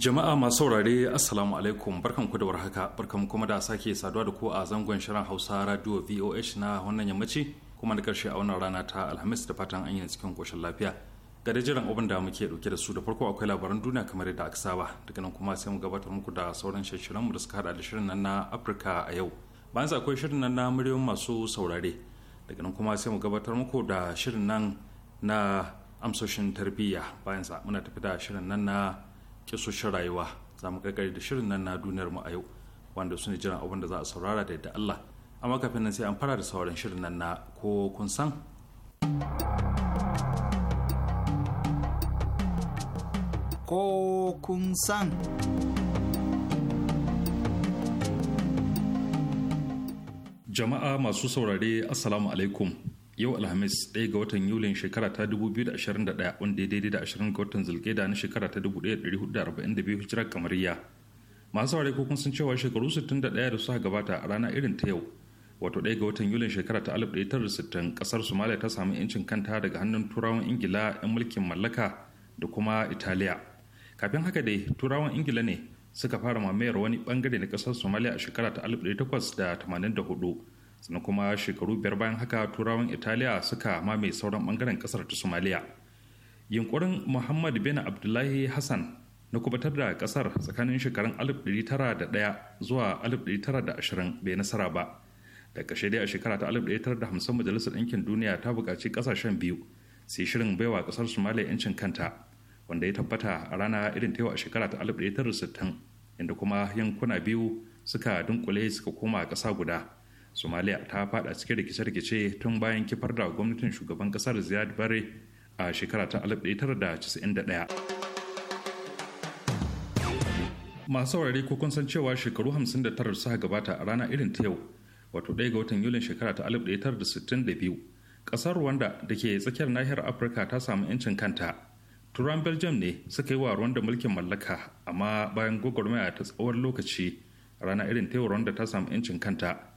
Jama'a masu saurare Assalamu alaikum barkan ku da warhaka barkan kuma da sake saduwa da ku a zangon shirin Hausa Radio VOH na wannan yammaci kuma da karshe a wannan rana ta Alhamis da fatan an yi cikin koshin lafiya. Ga da jiran abin da muke dauke da su da farko akwai labaran duniya kamar yadda aka saba daga nan kuma sai mu gabatar muku da sauran shirin mu da suka hada da shirin nan na Afirka a yau. Bayan sa akwai shirin nan na muryoyin masu saurare daga nan kuma sai mu gabatar muku da shirin nan na amsoshin tarbiyya bayan sa muna tafi da shirin nan na kisoshin rayuwa za mu kakari da shirin nan na duniyar mu a yau wanda su ne jiran abin da za a saurara da yadda Allah amma kafin nan sai an fara da sauran shirin nan na ko kun san ko kun san jama'a masu saurare assalamu alaikum yau alhamis ɗaya ga watan yulin shekara ta 2021 wanda ya daidai da 20 ga watan zulkeda na shekara ta 1442 hijirar kamariya masu saurari ko sun cewa shekaru 61 da suka gabata a rana irin ta yau wato ɗaya ga watan yulin shekara ta 1960 kasar somalia ta samu 'yancin kanta daga hannun turawan ingila 'yan mulkin mallaka da kuma italiya kafin haka dai turawan ingila ne suka fara mamayar wani bangare na kasar somalia a shekara ta 1884 sannan kuma shekaru biyar bayan haka turawan italiya suka mame sauran bangaren kasar ta somaliya yunkurin muhammad bin abdullahi hassan na kubatar da kasar tsakanin shekarun 1901 zuwa 1920 bai nasara ba da kashe dai a shekara ta 1950 majalisar ɗinkin duniya ta buƙaci ƙasashen biyu sai shirin baiwa ƙasar somaliya 'yancin kanta wanda ya tabbata a rana irin ta a shekara ta 1960 inda kuma yankuna biyu suka dunkule suka koma ƙasa guda somaliya ta fada cikin rikice-rikice tun bayan kifar da gwamnatin shugaban kasar ziyad bare a shekara ta 1991 masu saurari ko kun san cewa shekaru 59 suka gabata a rana irin ta yau wato ɗaya ga watan yulin shekara ta 1962 ƙasar rwanda da ke tsakiyar nahiyar afirka ta samu 'yancin kanta turan belgium ne suka yi wa rwanda mulkin mallaka amma bayan gwagwarmaya ta tsawon lokaci rana irin ta yau rwanda ta samu 'yancin kanta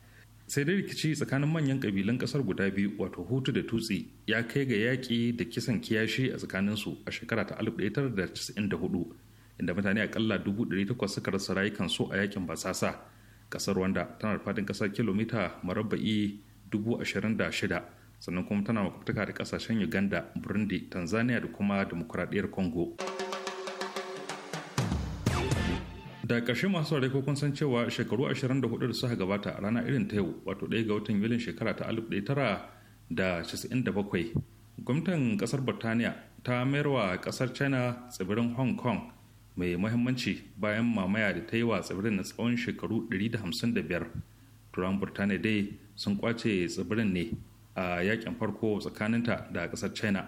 sai dai rikici tsakanin manyan kabilan kasar guda biyu wato hutu da tutsi ya kai ga yaƙi da kisan kiyashi a tsakanin su a shekara ta 1994 inda mutane akalla 800 suka rasa rayukan su a yakin basasa kasar wanda tana da faɗin ƙasar kilomita marabba'i 26,000 sannan kuma tana makwabtaka da kasashen uganda burundi tanzania da kuma demokuraɗiyar congo da ƙarshe masu saurari ko kun san cewa shekaru 24 da suka gabata a rana irin ta yau wato ɗaya ga watan yulin shekara ta 1997 gwamnatin ƙasar burtaniya ta mayar wa ƙasar china tsibirin hong kong mai muhimmanci bayan mamaya da ta yi wa tsibirin na tsawon shekaru 155 turan burtaniya dai sun kwace tsibirin ne a yakin farko tsakaninta da ƙasar china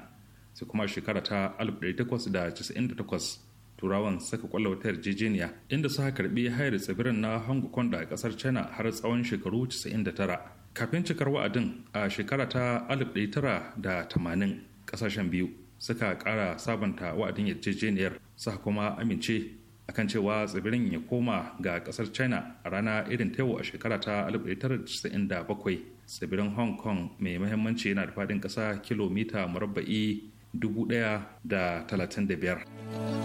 sai kuma shekara ta 1898 turawan saka kwallo wata yarjejeniya inda suka karbi hayar tsibirin na hong kong da kasar china har tsawon shekaru 99 kafin cikar wa'adin a shekara ta 1980 kasashen biyu suka kara sabanta wa'adin yarjejeniyar suka kuma amince kan cewa tsibirin ya koma ga kasar china a rana irin taiwo a shekara ta 1997 tsibirin hong kong mai mahimmanci yana da faɗin ƙasa kilomita murabba'i 1,035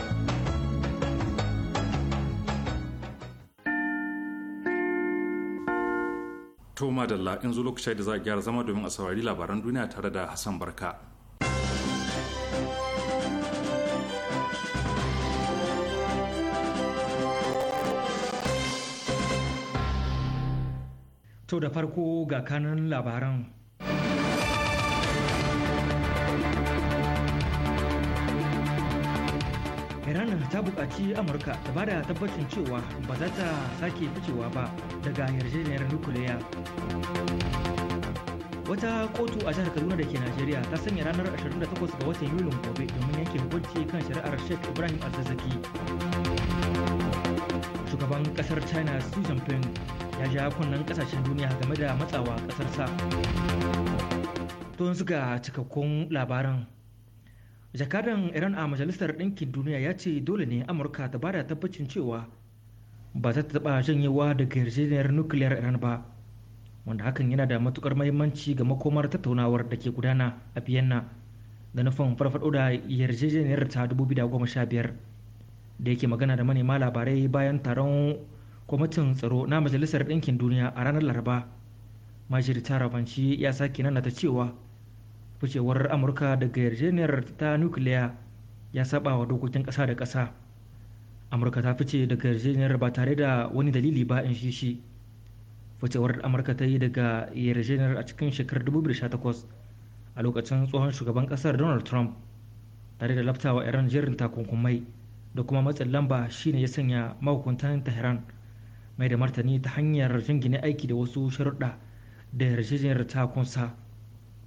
To madalla in zo lokaci da za a gyara zama domin a saurari labaran duniya tare da Hassan Barka. To da farko ga kanan labaran iran ta buƙaci amurka ta bada tabbacin cewa ba za ta sake ficewa ba daga yarjejeniyar nukiliya wata kotu a jihar kaduna da ke najeriya ta sanya ranar 28 ga watan yulin gobe domin yanke hukunci kan shari'ar sheikh ibrahim arzazaki shugaban kasar china su jinping ya ja kunnen kasashen duniya game da matsawa kasarsa to yanzu ga cikakkun labaran jakadan iran a majalisar ɗinkin duniya ya ce dole ne amurka ta bada tabbacin cewa ba za ta taɓa janyewa daga yarjejeniyar nukiliyar iran ba wanda hakan yana da matukar mahimmanci ga makomar tattaunawar da ke gudana a vienna da nufin farfaɗo da yarjejeniyar ta 2015 da yake magana da manema labarai bayan taron kwamitin tsaro na majalisar ɗinkin duniya a ranar laraba majiri ta rabanci ya sake nanata cewa ficewar amurka daga yarjejeniyar ta nukiliya ya saba wa dokokin ƙasa da ƙasa amurka ta fice daga yarjejeniyar ba tare da wani dalili ba in shi shi ficewar amurka ta yi daga yarjejeniyar a cikin shekarar 2018 a lokacin tsohon shugaban ƙasar donald trump tare da laftawa iran jerin takunkumai da kuma matsin lamba shine ya sanya mahukuntan tehran mai da martani ta hanyar jingine aiki da wasu sharuɗa da yarjejeniyar ta kunsa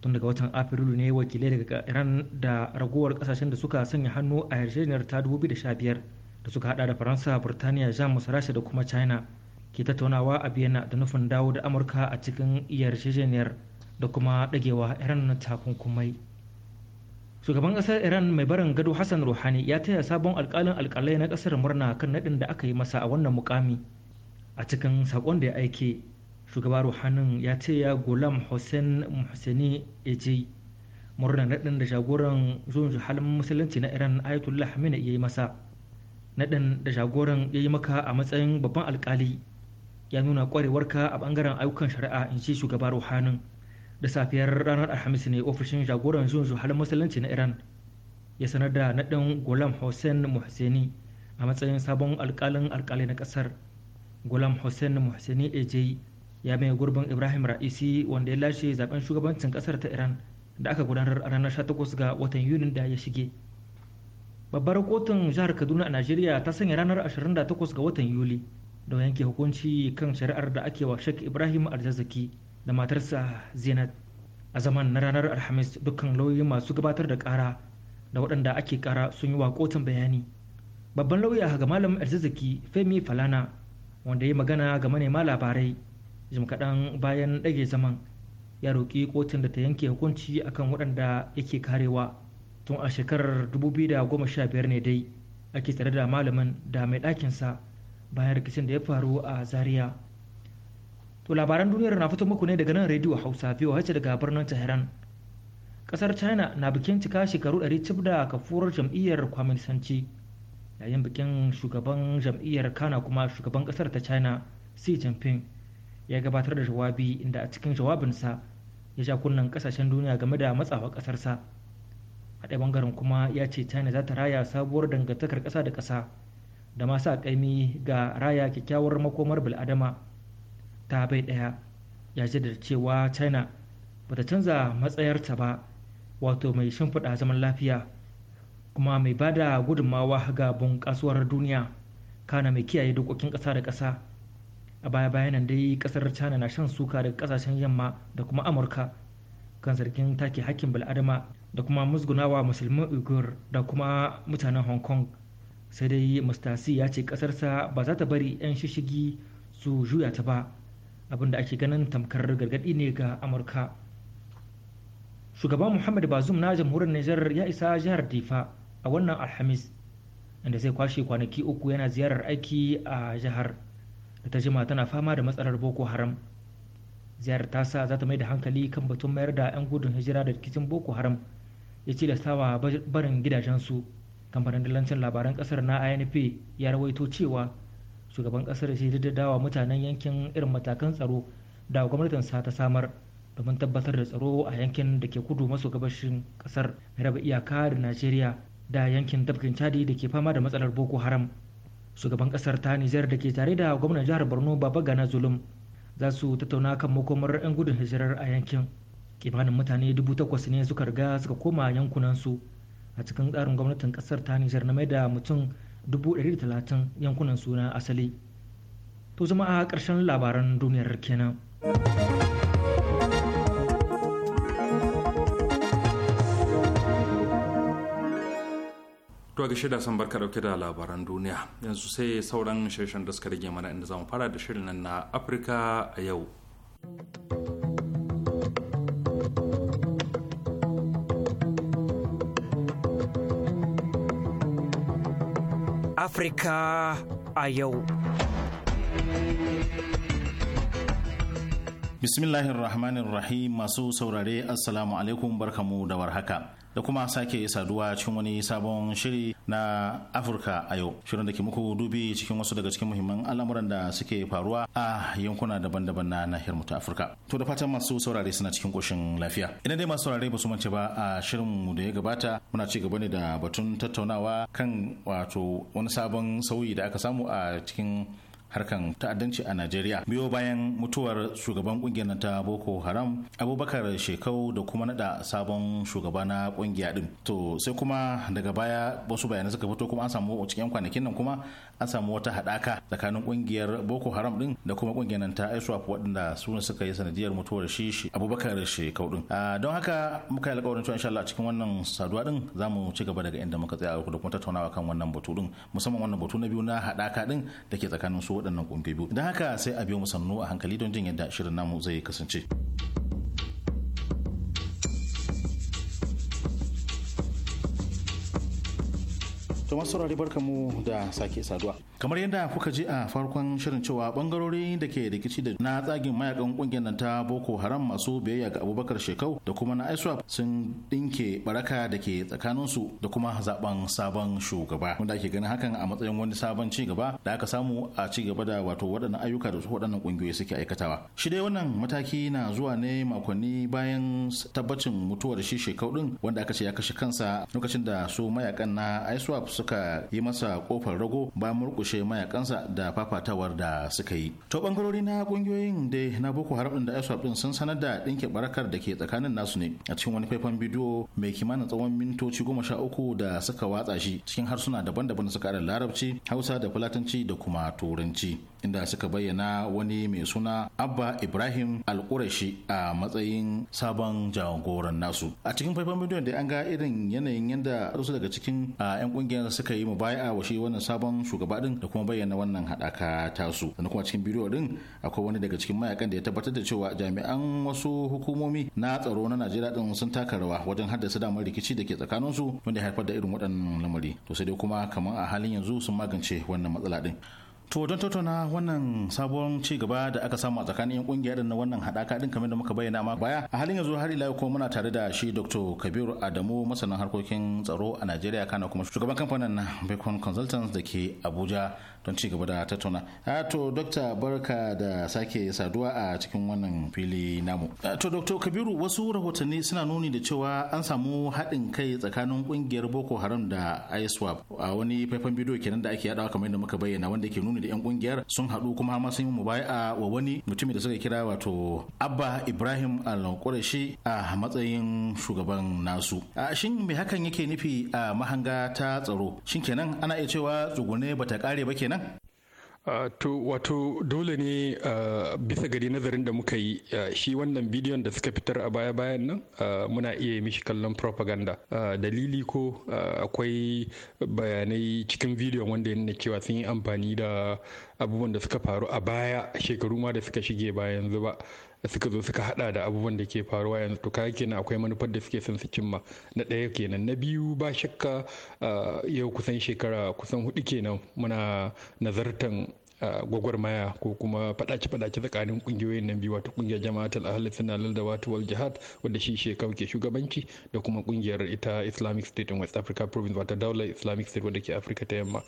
tun daga watan afrilu ne wakilai daga iran da ragowar kasashen da suka sanya hannu a yarjejeniyar ta 2015 da suka hada da faransa burtaniya jamus rasha da kuma china ke tattaunawa a biyana da nufin dawo da amurka a cikin yarjejeniyar da kuma dagewa iran takunkumai shugaban kasar iran mai barin gado hassan ruhani ya taya sabon alkalin alkalai na kasar murna kan nadin da aka yi masa a wannan mukami a cikin sakon da ya aike shugaba ruhanin ya ce ya gulam hussein muhsini eji murnar naɗin da jagoran zuwan halin musulunci na iran ayatollah hamina ya yi masa naɗin da jagoran ya yi maka a matsayin babban alkali ya nuna kwarewarka a bangaren ayyukan shari'a in ci shugaba ruhanin da safiyar ranar alhamis ne ofishin jagoran zuwan halin musulunci na iran ya sanar da naɗin gulam hussein muhsini a matsayin sabon alkalin alkali na ƙasar gulam hussein muhsini eji ya mai gurbin ibrahim ra'isi wanda ya lashe zaben shugabancin kasar ta iran da aka gudanar a ranar 18 ga watan yunin da ya shige babbar kotun jihar kaduna a najeriya ta sanya ranar 28 ga watan yuli don yanke hukunci kan shari'ar da ake wa shek ibrahim arzaki da matarsa zinat a zaman na ranar alhamis dukkan lauyoyi masu gabatar da kara da waɗanda ake kara sun yi wa kotun bayani babban lauya ga malam arzaki femi falana wanda ya yi magana ga manema labarai jim kaɗan bayan ɗage zaman ya roƙi kotun da ta yanke hukunci akan waɗanda yake karewa tun a shekarar 2015 ne dai ake tare da malamin da mai ɗakinsa bayan rikicin da ya faru a zaria to labaran duniyar na fito muku ne daga nan rediyo hausa biyu hace daga birnin tehran ƙasar china na bikin cika shekaru 100 da kafurar jam'iyyar kwaminsanci yayin bikin shugaban jam'iyyar kana kuma shugaban ƙasar ta china xi jinping ya gabatar da jawabi inda a cikin jawabinsa ya sha kunnan kasashen duniya game da matsawa kasarsa a ɗaya bangaren kuma ya ce china za ta raya sabuwar dangantakar ƙasa da ƙasa da masu ƙaimi ga raya kyakkyawar makomar bil'adama ta bai ɗaya ya ji da cewa china ba ta canza matsayarta ba wato mai shimfiɗa zaman lafiya kuma mai ba da gudunmawa ga bunƙasuwar duniya kana mai kiyaye dokokin ƙasa da ƙasa a baya bayanan dai kasar china na shan suka daga kasashen yamma da kuma amurka kan zargin take hakkin bil'adama da kuma musgunawa musulmin uighur da kuma mutanen hong kong sai dai mustasi ya ce kasarsa ba za ta bari 'yan shishigi su juya ta ba abinda ake ganin tamkar gargadi ne ga amurka shugaban muhammad bazum na jamhuriyar Niger ya isa jihar difa a wannan alhamis inda zai kwashe kwanaki uku yana ziyarar aiki a jihar da ta jima tana fama da matsalar boko haram ziyarar tasa za ta mai da hankali kan batun mayar da 'yan gudun hijira da rikicin boko haram ya ci da sawa barin gidajensu kamfanin dalancin labaran kasar na inp ya rawaito cewa shugaban kasar shi dawa mutanen yankin irin matakan tsaro da gwamnatinsa ta samar domin tabbatar da tsaro a yankin da ke kudu maso gabashin kasar raba iyaka da najeriya da yankin tafkin chadi da ke fama da matsalar boko haram shugaban kasar ta nijar da ke tare da gwamnan jihar borno baba gana zulum za su tattauna kan makomar 'yan gudun hijirar a yankin kimanin mutane dubu takwas ne suka riga suka koma yankunansu a cikin tsarin gwamnatin kasar ta nijar na mai da mutum dubu talatin yankunan suna asali to zama a ƙarshen labaran duniyar kenan. Tuwa ga shida san barka dauke da labaran duniya yanzu sai sauran shirin da suka rage mana inda zamu fara da shirin nan na Afirka a yau. Afirka a yau. bismillahir rahmanir rahim masu saurare assalamu alaikum barkamu da warhaka da kuma sake saduwa cikin wani sabon shiri na afirka a yau shirin da ke muku dubi cikin wasu daga cikin muhimman al'amuran da suke faruwa a yankuna daban-daban na nahiyar mu ta afirka to da fatan masu saurare suna cikin koshin lafiya idan dai masu saurare ba su mance ba a shirin mu da ya gabata muna ci gaba ne da batun tattaunawa kan wato wani sabon sauyi da aka samu a cikin harkan ta'addanci a Najeriya biyo bayan mutuwar shugaban kungiyar ta Boko Haram Abubakar Shekau da kuma nada sabon shugaba na kungiya din to sai kuma daga baya wasu bayanai suka fito kuma an samu cikin kwanakin nan kuma an samu wata hadaka tsakanin kungiyar boko haram din da kuma kungiyar nan ta iswap waɗanda su suka yi sanadiyar mutuwar shi shi abubakar shi din ah, don haka muka yi alƙawarin cewa insha Allah cikin wannan saduwa din za mu ci gaba daga inda muka tsaya da kuma tattaunawa kan wannan batu din musamman wannan batu na biyu na hadaka din da ke tsakanin su waɗannan kungiyoyi don haka sai a biyo mu a hankali don jin yadda shirin namu zai kasance. To saurari barka mu da sake saduwa. Kamar yadda kuka ji a farkon shirin cewa bangarori da ke rikici da na tsagin mayakan kungiyar nan ta Boko Haram masu biyayya ga Abubakar Shekau da kuma na ISWAP sun dinke baraka da ke tsakanin su da kuma zaben sabon shugaba. Wanda ake ganin hakan a matsayin wani sabon ci gaba da aka samu a ci gaba da wato waɗannan ayyuka da waɗannan kungiyoyi suke aikatawa. Shi dai wannan mataki na zuwa ne makonni bayan tabbacin mutuwar shi Shekau din wanda aka ce ya kashe kansa lokacin da su mayakan na su. suka yi masa kofar rago ba murkushe mayakansa da fafatawar da suka yi to bangarori na kungiyoyin da na boko haram da iswap din sun sanar da dinke barakar da ke tsakanin nasu ne a cikin wani faifan bidiyo mai kimanin tsawon mintoci goma sha uku da suka watsa shi cikin harsuna daban-daban da suka larabci hausa da fulatanci da kuma turanci inda suka bayyana wani mai suna abba ibrahim alkurashi a matsayin sabon jagoran nasu a cikin faifan bidiyon da an ga irin yanayin yadda wasu daga cikin yan kungiyar suka yi baya wa shi wannan sabon shugaba din da kuma bayyana wannan haɗaka tasu da kuma cikin bidiyo din akwai wani daga cikin mayakan da ya tabbatar da cewa jami'an wasu hukumomi na tsaro na najeriya din sun taka rawa wajen haddasa damar rikici da ke tsakaninsu wanda ya haifar da irin waɗannan lamari to sai dai kuma kamar a halin yanzu sun magance wannan matsala din To don tattauna wannan sabon ci gaba da aka samu a tsakanin yan kungiya na wannan hadaka din kamar da muka bayyana ma baya a halin yanzu har ila ko muna tare da shi Dr. Kabiru Adamu masanin harkokin tsaro a Najeriya kana kuma shugaban kamfanin Bacon Consultants da ke Abuja don ci gaba da tattauna to dokta barka da sake saduwa a cikin wannan fili namu to dokta kabiru wasu rahotanni suna nuni da cewa an samu haɗin kai tsakanin ƙungiyar boko haram da iswap a wani faifan bidiyo kenan da ake yadawa kamar yadda muka bayyana wanda ke nuni da yan ƙungiyar sun haɗu kuma har ma sun yi mubaya wa wani mutumin da suka kira wato abba ibrahim al-qurashi a matsayin shugaban nasu A shin me hakan yake nufi a mahanga ta tsaro shin kenan ana iya cewa tsugune bata kare ba kenan nan ah, to wato dole ne uh, bisa gari nazarin da muka yi uh, shi wannan bidiyon da suka fitar a baya-bayan nan muna iya mishi kallon propaganda dalili ko akwai bayanai cikin bidiyon wanda ya nuna cewa sun yi amfani da abubuwan da suka faru a baya shekaru ma da suka shige ba yanzu ba suka zo suka hada da abubuwan da ke faruwa yanzu to kaga kenan akwai manufar da suke son su cimma na ɗaya kenan na biyu ba shakka ah, yau kusan shekara kusan hudu kenan muna nazartan gwagwarmaya ko kuma faɗace fadace tsakanin kungiyoyin nan biyu wato ƙungiyar jama'atul ahli sunna lalda wato wal jihad wanda shi shekau ke shugabanci da kuma ƙungiyar ita Islamic State in West Africa Province wato daular Islamic State wanda ke Afirka ta yamma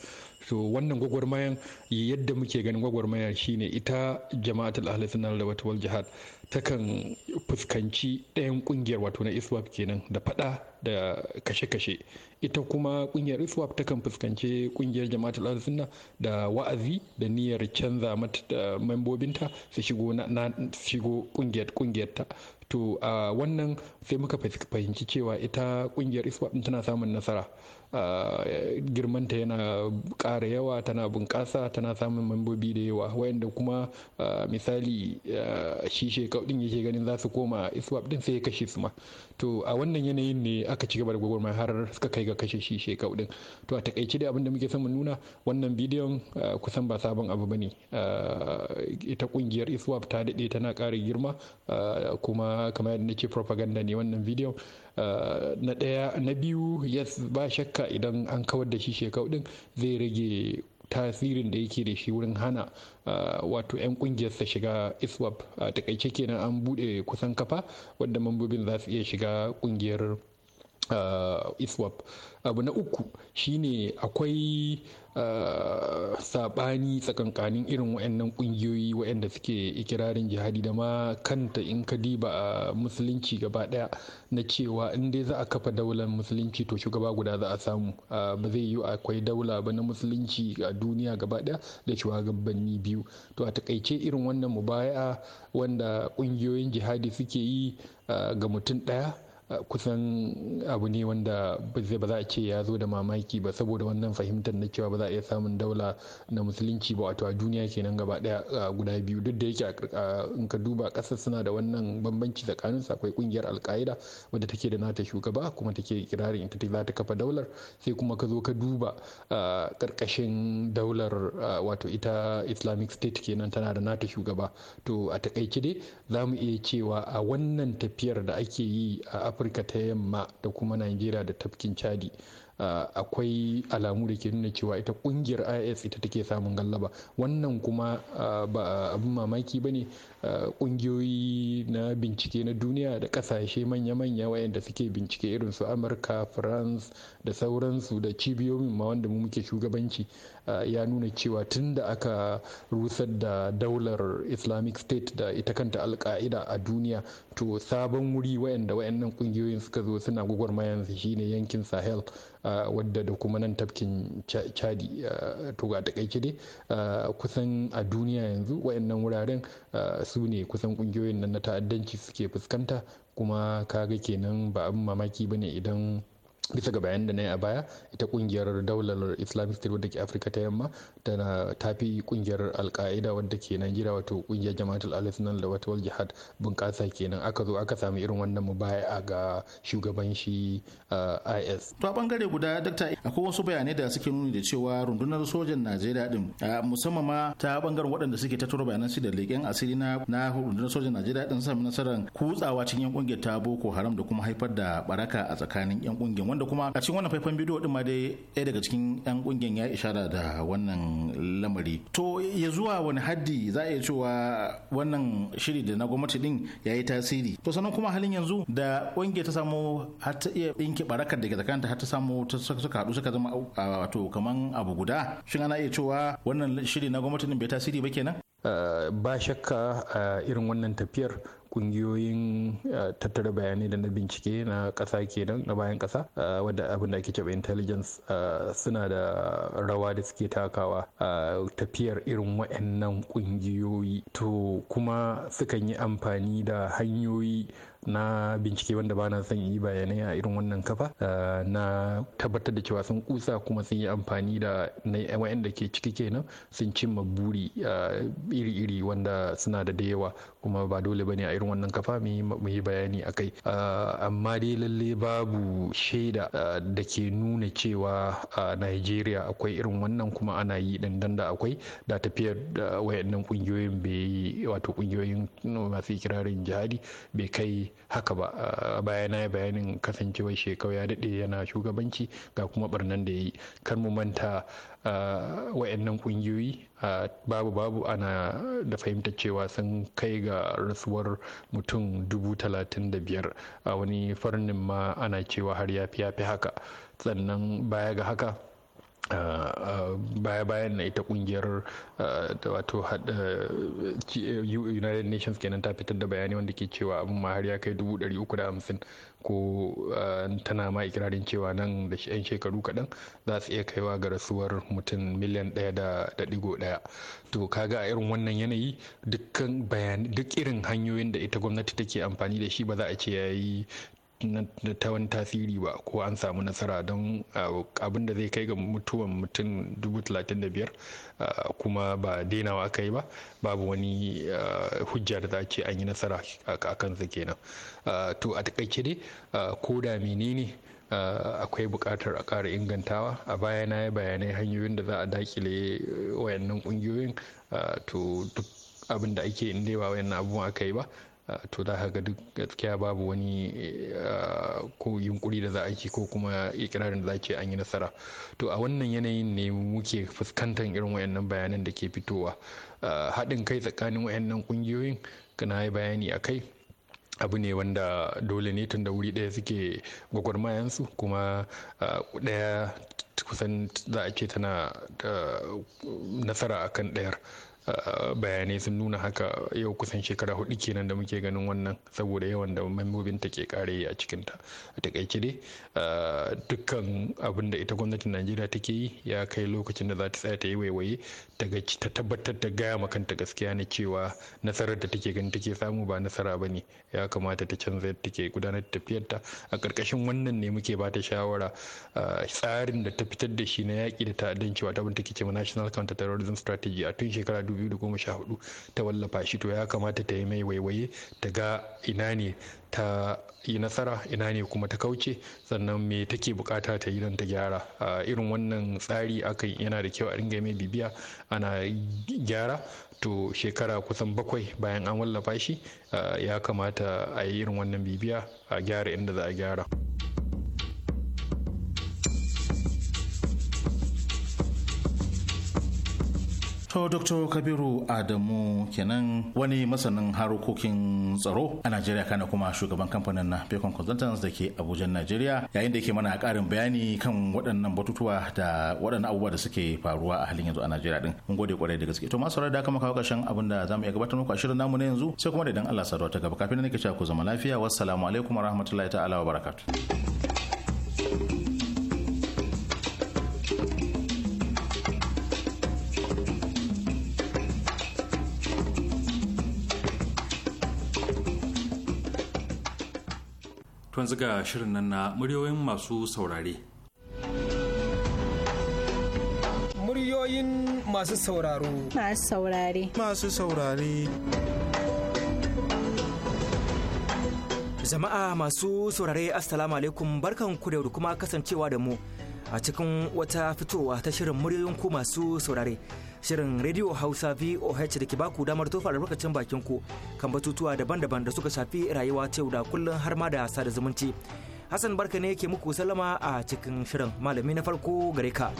so wannan gwagwarmayan yadda muke ganin gwagwarmaya shine ita jama'atul ahli sunna lalda wato wal jihad takan fuskanci ɗayan ƙungiyar wato na iswap kenan da fada da kashe-kashe ita kuma ƙungiyar iswap takan fuskanci ƙungiyar ta sunna da wa'azi da niyyar canza mata da membobinta su shigo na shigo ƙungiyar to a wannan sai muka fahimci cewa ita ƙungiyar iswap tana samun nasara girmanta yana ƙara yawa tana bunƙasa tana samun mambobi da yawa wayanda kuma misali shi shekau din yake ganin za su koma iswap din sai ya kashe su ma to a wannan yanayin ne aka ci gaba da gwagwarmaya har suka kai ga kashe shi shekau din to a takaice dai abinda muke son mu nuna wannan bidiyon kusan ba sabon abu bane ita kungiyar iswap ta daɗe tana ƙara girma kuma kamar yadda nake propaganda ne wannan bidiyon Eh, na ɗaya na biyu ya ba shakka idan an kawar da shi shekau din zai rage tasirin da yake da shi wurin hana eh, wato 'yan kungiyar sa shiga iswap a takaice kenan an bude kusan kafa wadda mambobin za su iya shiga kungiyar eh, iswap abu na uku shine akwai Eh, saɓani tsakankanin irin waɗannan ƙungiyoyi waɗanda suke ikirarin jihadi da ma kanta in ka diba a musulunci gaba ɗaya na cewa in dai za a kafa daular musulunci to shugaba guda za a samu eh, ba zai yi akwai daula ba na musulunci a duniya gaba ɗaya da shugabanni biyu to a takaice irin wannan mubaya wanda ƙungiyoyin jihadi suke yi eh, ga mutum ɗaya kusan abu ne wanda ba za a ce ya zo da mamaki ba saboda wannan fahimtar na cewa ba za a iya samun daula na musulunci ba wato a duniya kenan gaba daya guda biyu duk da yake in ka duba kasar suna da wannan bambanci tsakanin su akwai kungiyar alkaida wadda take da nata shugaba kuma take kirarin ita za ta kafa daular sai kuma ka zo ka duba karkashin daular wato ita islamic state kenan tana da nata shugaba to a takaice dai za mu iya cewa a wannan tafiyar da ake yi a afirka ta yamma da kuma nigeria da tafkin chadi akwai alamu da ke nuna cewa ita kungiyar is ita take samun gallaba wannan kuma ba abin mamaki ba ne kungiyoyi na bincike na duniya da kasashe manya-manya wayanda suke bincike irin su amurka france da sauransu da cibiyoyin ma wanda mu muke shugabanci ya nuna cewa tun da aka rusar da daular islamic state da ita kanta alka'ida a duniya to sabon wuri wayanda wayannan kungiyoyin suka zo suna gugwar su shine yankin sahel wadda da kuma nan tafkin chadi to ga takaice dai kusan a duniya yanzu wayannan wuraren su ne kusan kungiyoyin nan na ta'addanci suke fuskanta kuma kaga kenan ba abin mamaki bane idan bisa ga bayan da na yi a baya ita kungiyar daular islamic state wadda ke afirka ta yamma tana tafi kungiyar alka'ida wadda ke gida wato kungiyar jama'atul al-islam da wata jihad ke kenan aka zo aka sami irin wannan baya ga shugaban shi ah, is to a bangare guda dakta akwai wasu bayanai da suke nuni da cewa rundunar sojan najeriya din ah, musamman ma ta bangaren waɗanda suke tattaro bayanan su da leƙen asiri na na rundunar sojan najeriya din sami nasarar kutsawa cikin yan kungiyar ta boko haram da kuma haifar da baraka a tsakanin yan kungiyar wanda kuma a cikin wannan faifan bidiyo din ma dai ɗaya daga cikin yan kungiyar ya ishara da wannan lamari to ya zuwa wani haddi za a iya cewa wannan shiri da na gwamnati din ya yi tasiri to sannan kuma halin yanzu da kungiyar ta samu har ta iya yanke barakar da ke tsakanta har ta samu suka haɗu suka zama wato kaman abu guda shin ana iya cewa wannan shiri na gwamnati din bai tasiri ba kenan eh, ba shakka eh, irin wannan tafiyar kungiyoyin eh, tattara bayanai da na bincike na ƙasa kenan na bayan ƙasa eh, wadda abin da ake cewa intelligence eh, suna da rawa da suke takawa a tafiyar irin waɗannan kungiyoyi to kuma sukan yi amfani da hanyoyi na bincike wanda ba na son yi bayanai a irin wannan kafa eh, na tabbatar da cewa sun kusa kuma sun yi amfani da na da ke ciki kenan sun cimma buri eh, iri-iri wanda suna da da yawa kuma ba dole ba ne a irin wannan kafa mu yi bayani a kai eh, amma dai lalle babu shaida da ke nuna cewa a nigeria akwai irin wannan kuma ana yi dandan da akwai da tafiyar wayannan kungiyoyin bai wato kungiyoyin masu ikirarin jihadi bai kai haka ba a baya na bayanin kasancewar shekau ya daɗe yana shugabanci ga kuma barnan da ya yi kar mu manta wa'annan ƙungiyoyi babu babu ana da fahimtar cewa sun kai ga rasuwar mutum dubu talatin da biyar a wani farnin ma ana cewa har ya fi haka sannan baya ga haka baya-bayan na ita kungiyar da wato united nations kenan ta fitar da bayani wanda ke cewa abin ma har ya kai 350 ko tana ma ikirarin cewa nan da 'yan shekaru kaɗan za su iya kaiwa ga rasuwar mutum miliyan ɗaya da ɗigo daya to kaga a irin wannan yanayi dukkan duk irin hanyoyin da ita gwamnati take amfani da shi ba za a ce ya yi ta wani tasiri ba ko an samu nasara don ah, abin da zai kai ga mutuwan mutum 35,000 ah, kuma ba denawa aka yi ba babu wani ah, hujja da za ce an yi nasara a kansa kenan to a takaice dai ko da menene akwai bukatar a ƙara ingantawa a baya na bayanai hanyoyin da za a dakile wayannan ƙungiyoyin to duk abin da ake inda dai ba wayannan abubuwan aka yi ba to za ka ga duk gaskiya babu wani eh, ko yunkuri da za a ko kuma ikirarin da za ke an yi nasara to a wannan yanayin ne muke fuskantar irin wayannan bayanan da ke fitowa haɗin kai tsakanin wayannan ƙungiyoyin na yi bayani a kai abu ne wanda dole ne tun da wuri ɗaya suke gwagwarmayansu kuma ɗaya kusan za a ce tana nasara akan ɗayar bayanai sun nuna haka yau kusan shekara hudu kenan da muke ganin wannan saboda yawan da membobin ta ke kare a cikin ta a takaice dai dukkan abin da ita gwamnatin najeriya take yi ya kai lokacin da za ta tsaya ta yi waiwaye ta tabbatar da gaya ma kanta gaskiya na cewa nasarar da take ganin take samu ba nasara ba ne ya kamata ta canza yadda take gudanar da tafiyarta a ƙarƙashin wannan ne muke ba ta shawara tsarin da ta fitar da shi na yaƙi da ta'addanci wata abin take cewa national counter terrorism strategy a tun shekara 2014 ta wallafa shi to ya kamata ta yi mai waiwaye ta ga ina ne ta yi nasara ina ne kuma ta kauce sannan me take bukata ta yi don ta gyara irin wannan tsari akan yana da kyau a ringa mai bibiya ana gyara to shekara kusan bakwai bayan an wallafa shi ya kamata a yi irin wannan bibiya a gyara inda za a gyara. To Dr. Kabiru Adamu kenan wani masanin harkokin tsaro a Najeriya kana kuma shugaban kamfanin na Bacon Consultants da ke Abuja Najeriya yayin da yake mana karin bayani kan waɗannan batutuwa da waɗannan abubuwa da suke faruwa a halin yanzu a Najeriya din. Mun gode kwarai da gaske. To masu da kama kawo ƙarshen abin da zamu iya gabatar muku a shirin namu na yanzu sai kuma da idan Allah sadu ta gaba kafin na cewa ku zama lafiya wassalamu alaikum warahmatullahi ta'ala barakatu. tun ga shirin nan na muryoyin masu saurare. Muryoyin masu sauraro. Masu saurare. Masu saurare. Jama'a masu saurare Assalamu alaikum barkan ku da kuma kasancewa da mu a cikin wata fitowa ta shirin muryoyin ku masu saurare. Shirin Radio Hausa VOH da ke baku damar tofa albarkacin bakin ku kan batutuwa daban-daban da suka shafi rayuwa ta yau da kullum har ma da sada zumunci. Hassan barka ne yake muku salama a cikin shirin malami na farko gare ka.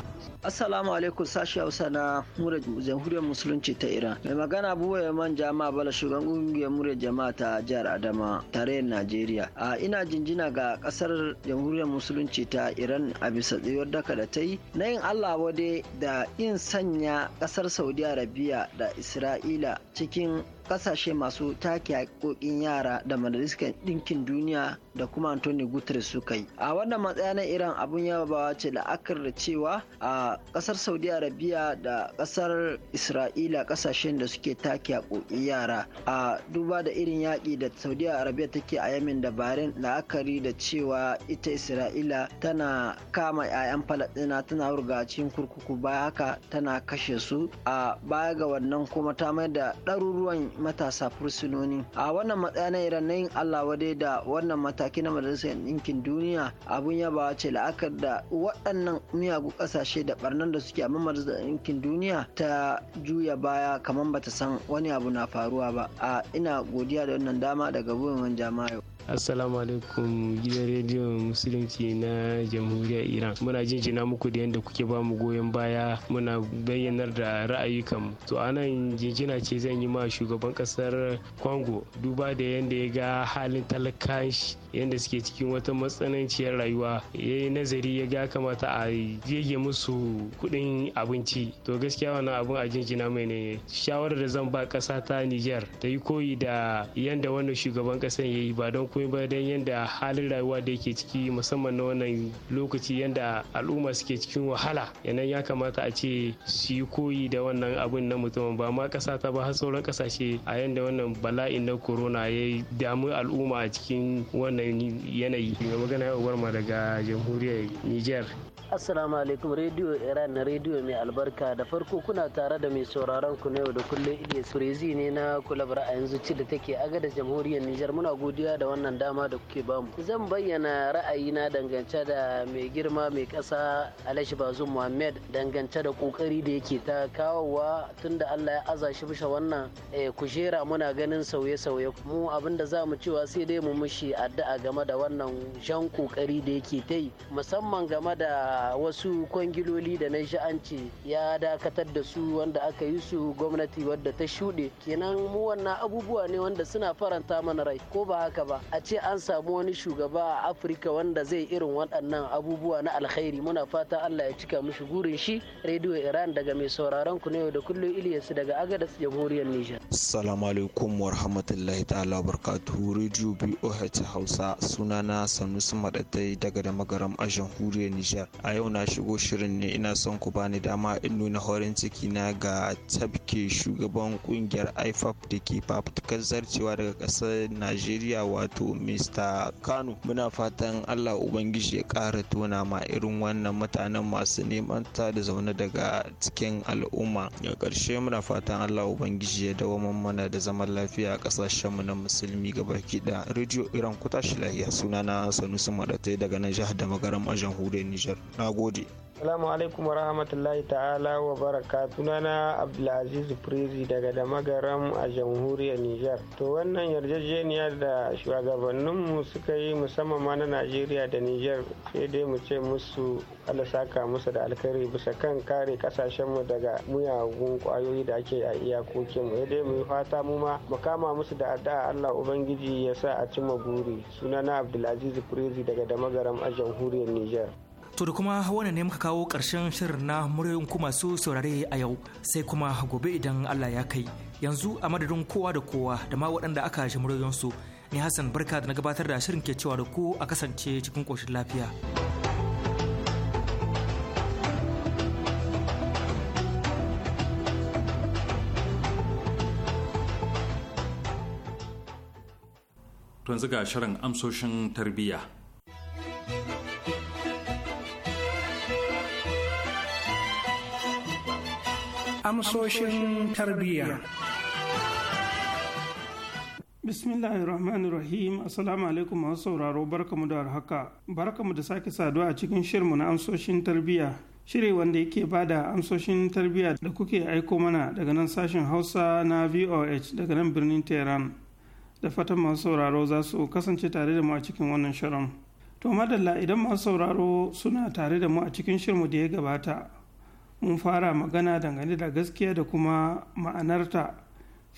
Assalamu alaikum sashi Hausa na Mura Jamhuriyar Musulunci ta Iran. Mai magana Abuwa Yaman Jama'a Bala shugaban kungiyar Mura Jama'a ta jihar Adama tarayyar Najeriya. A ina jinjina ga ƙasar Jamhuriyar Musulunci ta Iran a bisa tsayuwar daka da ta yi na yin Allah wade da in sanya ƙasar Saudi Arabia da Isra'ila cikin kasashe masu take haƙoƙin yara da majalisar ɗinkin duniya da kuma antoni Guterres suka yi. A wannan matsaya na Iran abun yabawa ce la'akar da cewa a kasar Saudi Arabia da kasar Isra'ila kasashen da suke take haƙoƙin yara a duba da irin yaƙi da Saudi Arabia take a yamin da Bahrain la'akari da cewa ita Isra'ila tana kama 'ya'yan Falasɗina tana wurga kurkuku baya haka tana kashe su a baya ga wannan kuma ta mai da ɗaruruwan matasa fursunoni a wannan matsaya na iran na yin allah wadai da wannan mataki na majalisar ɗinkin duniya abun yaba ce la'akar da waɗannan miyagun ƙasashe da barnan da suke a majalisar ɗinkin duniya ta juya baya kamar bata san wani abu na faruwa ba a ina godiya da wannan dama daga buwan jama'a assalamu alaikum gidan rediyon musulunci na jamhuriyar iran muna jinjina muku da yadda kuke ba mu goyon baya muna bayyanar da ra'ayukan mu to anan jinjina ce zan yi ma shugaban ƙasar congo duba da yadda ya ga halin talakashi. yadda suke cikin wata matsananciyar rayuwa ya yi nazari ya ga kamata a rage musu kuɗin abinci to gaskiya wannan abin a jinjina mai ne shawarar da zan ba ƙasa ta niger ta yi koyi da yadda wannan shugaban kasan ya yi ba don komai ba don yadda halin rayuwa da yake ciki musamman na wannan lokaci yadda al'umma suke cikin wahala yanan ya kamata a ce su yi koyi da wannan abin na mutumin ba ma ƙasa ta ba har sauran kasashe a yadda wannan bala'in na korona ya damu al'umma a cikin wannan yanayi mai magana ya ma daga jamhuriyar niger Assalamu alaikum Radio Iran na Radio mai albarka da farko kuna tare da mai sauraron ku na yau da kullum Ilyas Furezi ne na kulabar a yanzu ci da take aga da jamhuriyar Nijar muna godiya da wannan dama da kuke bamu. Zan bayyana ra'ayina dangance da mai girma mai kasa alashi bazu Muhammad dangance da kokari da yake ta kawowa tunda Allah ya aza shi bisa wannan eh, kujera muna ganin sauye-sauye mu abinda za mu cewa sai dai mu mushi adda a game da wannan jan kokari da yake ta yi musamman game da wasu kwangiloli da na ji an ya dakatar da su wanda aka yi su gwamnati wadda ta shuɗe kenan mu wannan abubuwa ne wanda suna faranta mana rai ko ba haka ba a ce an samu wani shugaba a afirka wanda zai irin waɗannan abubuwa na alkhairi muna fata allah ya cika mushi gurin shi rediyo iran daga mai sauraron ku na yau da kullum daga agadas jamhuriyar nijar salamu alaikum wa rahmatullahi ta'ala barakatuhu radio boh hausa Hausa sunana Sanusi Madatai daga da magaram a jamhuriyar Nijar. A yau na shigo shirin ne ina son ku bani dama in nuna horin ciki na ga tabke shugaban kungiyar IFAP da ke fafutukar zarcewa daga kasar Najeriya wato Mr. Kano. Muna fatan Allah Ubangiji ya kara tona ma irin wannan mutanen masu neman ta da zaune daga cikin al'umma. Ga ƙarshe muna fatan Allah Ubangiji ya dawo mana da zaman lafiya a ƙasashenmu na musulmi gabaki da Rediyo Iran kuta tashi lahiya sunana sanusi maɗatai daga nan jihar da magaram a jamhuriyar nijar na gode Salamu alaikum rahmatullahi ta'ala wa baraka sunana Abdulaziz Prezi daga Damagaram a jamhuriyar Nijar. To wannan yarjejeniya da shugabanninmu suka yi musamman ma na Najeriya da Nijar sai dai mu ce musu Allah saka musu da alkhairi bisa kan kare kasashenmu daga muyagun kwayoyi da ake a iyakokinmu. Sai dai mu fata mu ma mu kama musu da addu'a Allah Ubangiji ya sa a cimma buri. Sunana Abdulaziz Prezi daga Damagaram a jamhuriyar Nijar. To da kuma wannan ne muka kawo ƙarshen shirin na muryoyin masu saurare a yau sai kuma gobe idan Allah ya kai. Yanzu a madadin kowa da kowa da ma waɗanda aka shi muryoyinsu ne Hassan barka da na gabatar da shirin ke cewa da ku a kasance cikin ƙoshin lafiya. To yanzu ga shirin amsoshin tarbiyya. amsoshin tarbiyya. rahim Assalamu alaikum masu sauraro barkamu da haka barkamu da sake saduwa a cikin shirmu na amsoshin tarbiyya shiri wanda yake bada amsoshin tarbiyya da kuke aiko mana daga nan sashen Hausa na VOH daga nan birnin Tehran da fatan masu sauraro za su kasance tare da mu a cikin wannan shirin. To madalla idan masu sauraro suna tare da mu a cikin shirmu da ya gabata mun fara magana dangane da gaskiya da kuma ma'anarta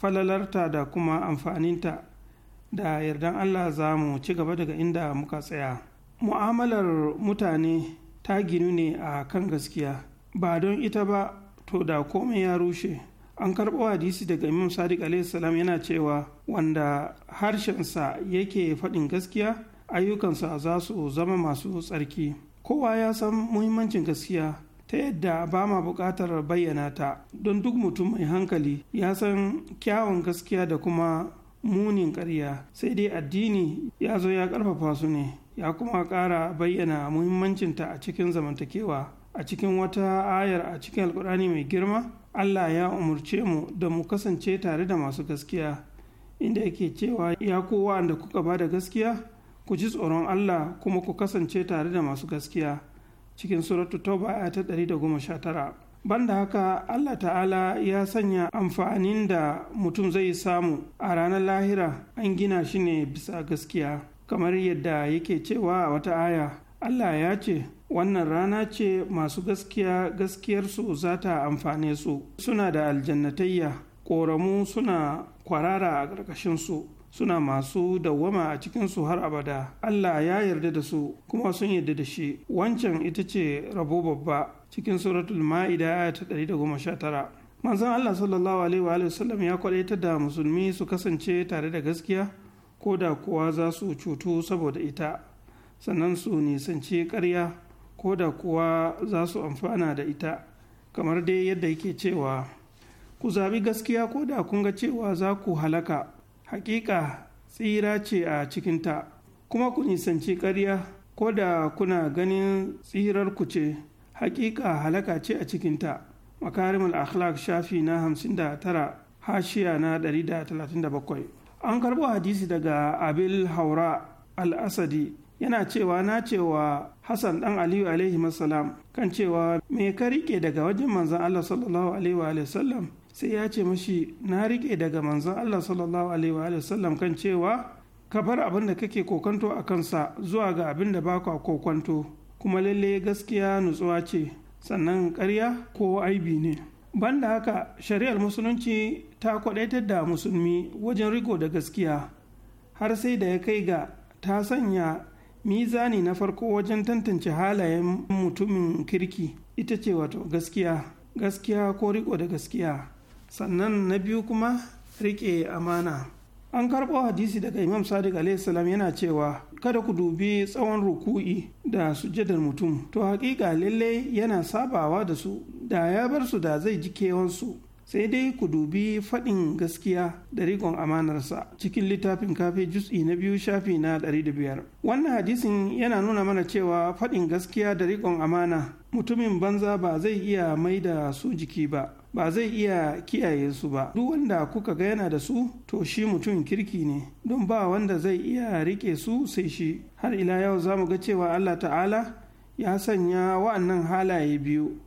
falalarta da kuma amfaninta da yardan allah za mu ci gaba daga inda muka tsaya mu'amalar mutane ta ginu ne a kan gaskiya ba don ita ba to da komai ya rushe an karɓo hadisi daga imam sadiq salam yana cewa wanda harshensa yake faɗin gaskiya ayyukansa za su zama masu tsarki kowa ya san muhimmancin gaskiya ta yadda ba ma buƙatar bayyana ta don duk mutum mai hankali ya san kyawun gaskiya da kuma munin ƙarya sai dai addini ya zo ya ƙarfafa su ne ya kuma ƙara bayyana muhimmancinta a cikin zamantakewa a cikin wata ayar a cikin alkur'ani mai girma allah ya umarce mu da mu kasance tare da masu gaskiya inda yake cewa ya kowa da kuka ba da gaskiya ku ji tsoron allah kuma ku kasance tare da masu gaskiya cikin suratu toba ta da sha 119 banda haka allah ta'ala ya sanya amfanin da mutum zai samu a ranar lahira an gina shi ne bisa gaskiya kamar yadda yake cewa a wata aya allah ya ce wannan rana ce masu gaskiya gaskiyarsu za ta amfane su suna da aljannatayya ƙoramu suna kwarara a ƙarƙashinsu suna masu dawwama a cikinsu har abada Allah ya yarda da su kuma sun yarda da shi wancan ita ce rabo babba cikin suratul ma'ida ta 119 manzon Allah sallallahu alaihi wa sallam ya ta da musulmi su kasance tare da gaskiya ko da kuwa za su cutu saboda ita sannan su nisanci karya ko da kuwa za su amfana da ita kamar dai yadda yake cewa ku zabi gaskiya ko da kun ga cewa za ku halaka hakika tsira ce a cikinta kuma ku nisanci ƙarya ko da kuna ganin tsirar ku ce hakika halaka ce a cikinta makarimul akhlaq shafi na 59 hashiya na 137 an karbo hadisi daga abil haura al-asadi yana cewa na cewa hassan dan aliyu alaihi kan cewa me ka rike daga wajen manzon allah sallallahu alaihi wa sallam sai ya ce mashi na riƙe daga manzon Allah sallallahu alaihi wa sallam kan cewa ka bar abin da kake kokanto a kansa zuwa ga abin da baka kokanto kuma lalle gaskiya nutsuwa ce sannan karya ko aibi ne banda haka shari'ar musulunci ta kwadaitar da musulmi wajen riko da gaskiya har sai da ya kai ga ta sanya mizani na farko wajen tantance halayen mutumin kirki ita ce wato gaskiya gaskiya ko riko da gaskiya sannan na biyu kuma rike amana an karɓo hadisi daga imam sadiq salam yana cewa kada ku dubi tsawon ruku'i da sujadar mutum to haƙiƙa lallai yana sabawa da su da ya bar su da zai ji kewansu sai dai ku dubi faɗin gaskiya da riƙon amanarsa cikin littafin kafe jus'i na biyu shafi na ɗari da biyar. wannan hadisin yana nuna mana cewa faɗin gaskiya da riƙon amana mutumin banza ba zai iya mai da su jiki ba ba zai iya kiyaye su ba duk wanda kuka ga yana da su to shi mutum kirki ne don ba wanda zai iya rike su sai shi har ila yau za mu ga cewa allah ta'ala ya sanya wa'annan halaye biyu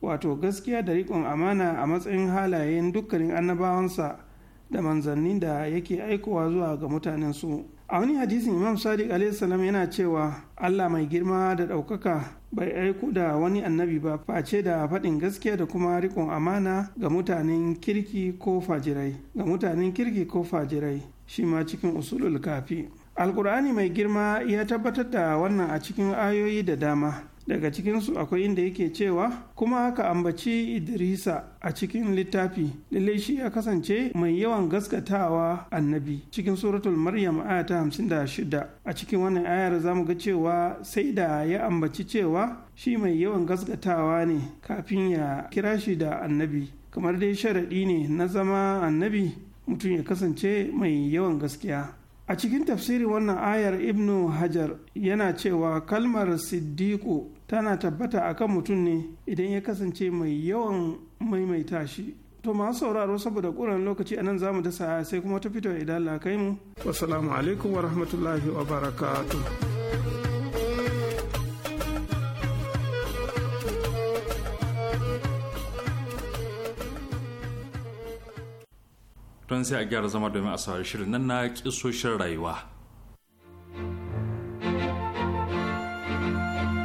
wato gaskiya da rikon amana a matsayin halayen dukkanin annabawansa da manzannin da yake aikowa zuwa ga mutanen su a wani hadisin imam sadiq alaihissalam yana cewa allah mai girma da ɗaukaka bai aiku da wani annabi ba face da faɗin gaskiya da kuma rikon amana ga mutanen kirki ko fajirai ga mutanen kirki ko fajirai shi ma cikin usulul kafi alkur'ani mai girma ya tabbatar da wannan a cikin ayoyi da dama daga cikinsu akwai inda yake cewa kuma haka ambaci idrisa a cikin littafi lalle shi ya kasance mai yawan gaskatawa annabi cikin suratul maryam aya ta hamsin da shida a cikin wannan ayar za ga cewa sai da ya ambaci cewa shi mai yawan gaskatawa ne kafin ya kira shi da annabi kamar dai sharaɗi ne na zama annabi mutum ya kasance mai yawan gaskiya a cikin tafsiri wannan ayar ibnu hajar yana cewa kalmar siddiqu tana tabbata a kan mutum ne idan ya kasance mai yawan maimaita shi to masu sauraro saboda ƙuran lokaci a nan za mu dasa sai kuma ta fito idan la kai mu wasalamu alaikum wa rahmatullahi wa barakatuh don sai a gyara zama domin a saurari shirin nan na kisoshin rayuwa.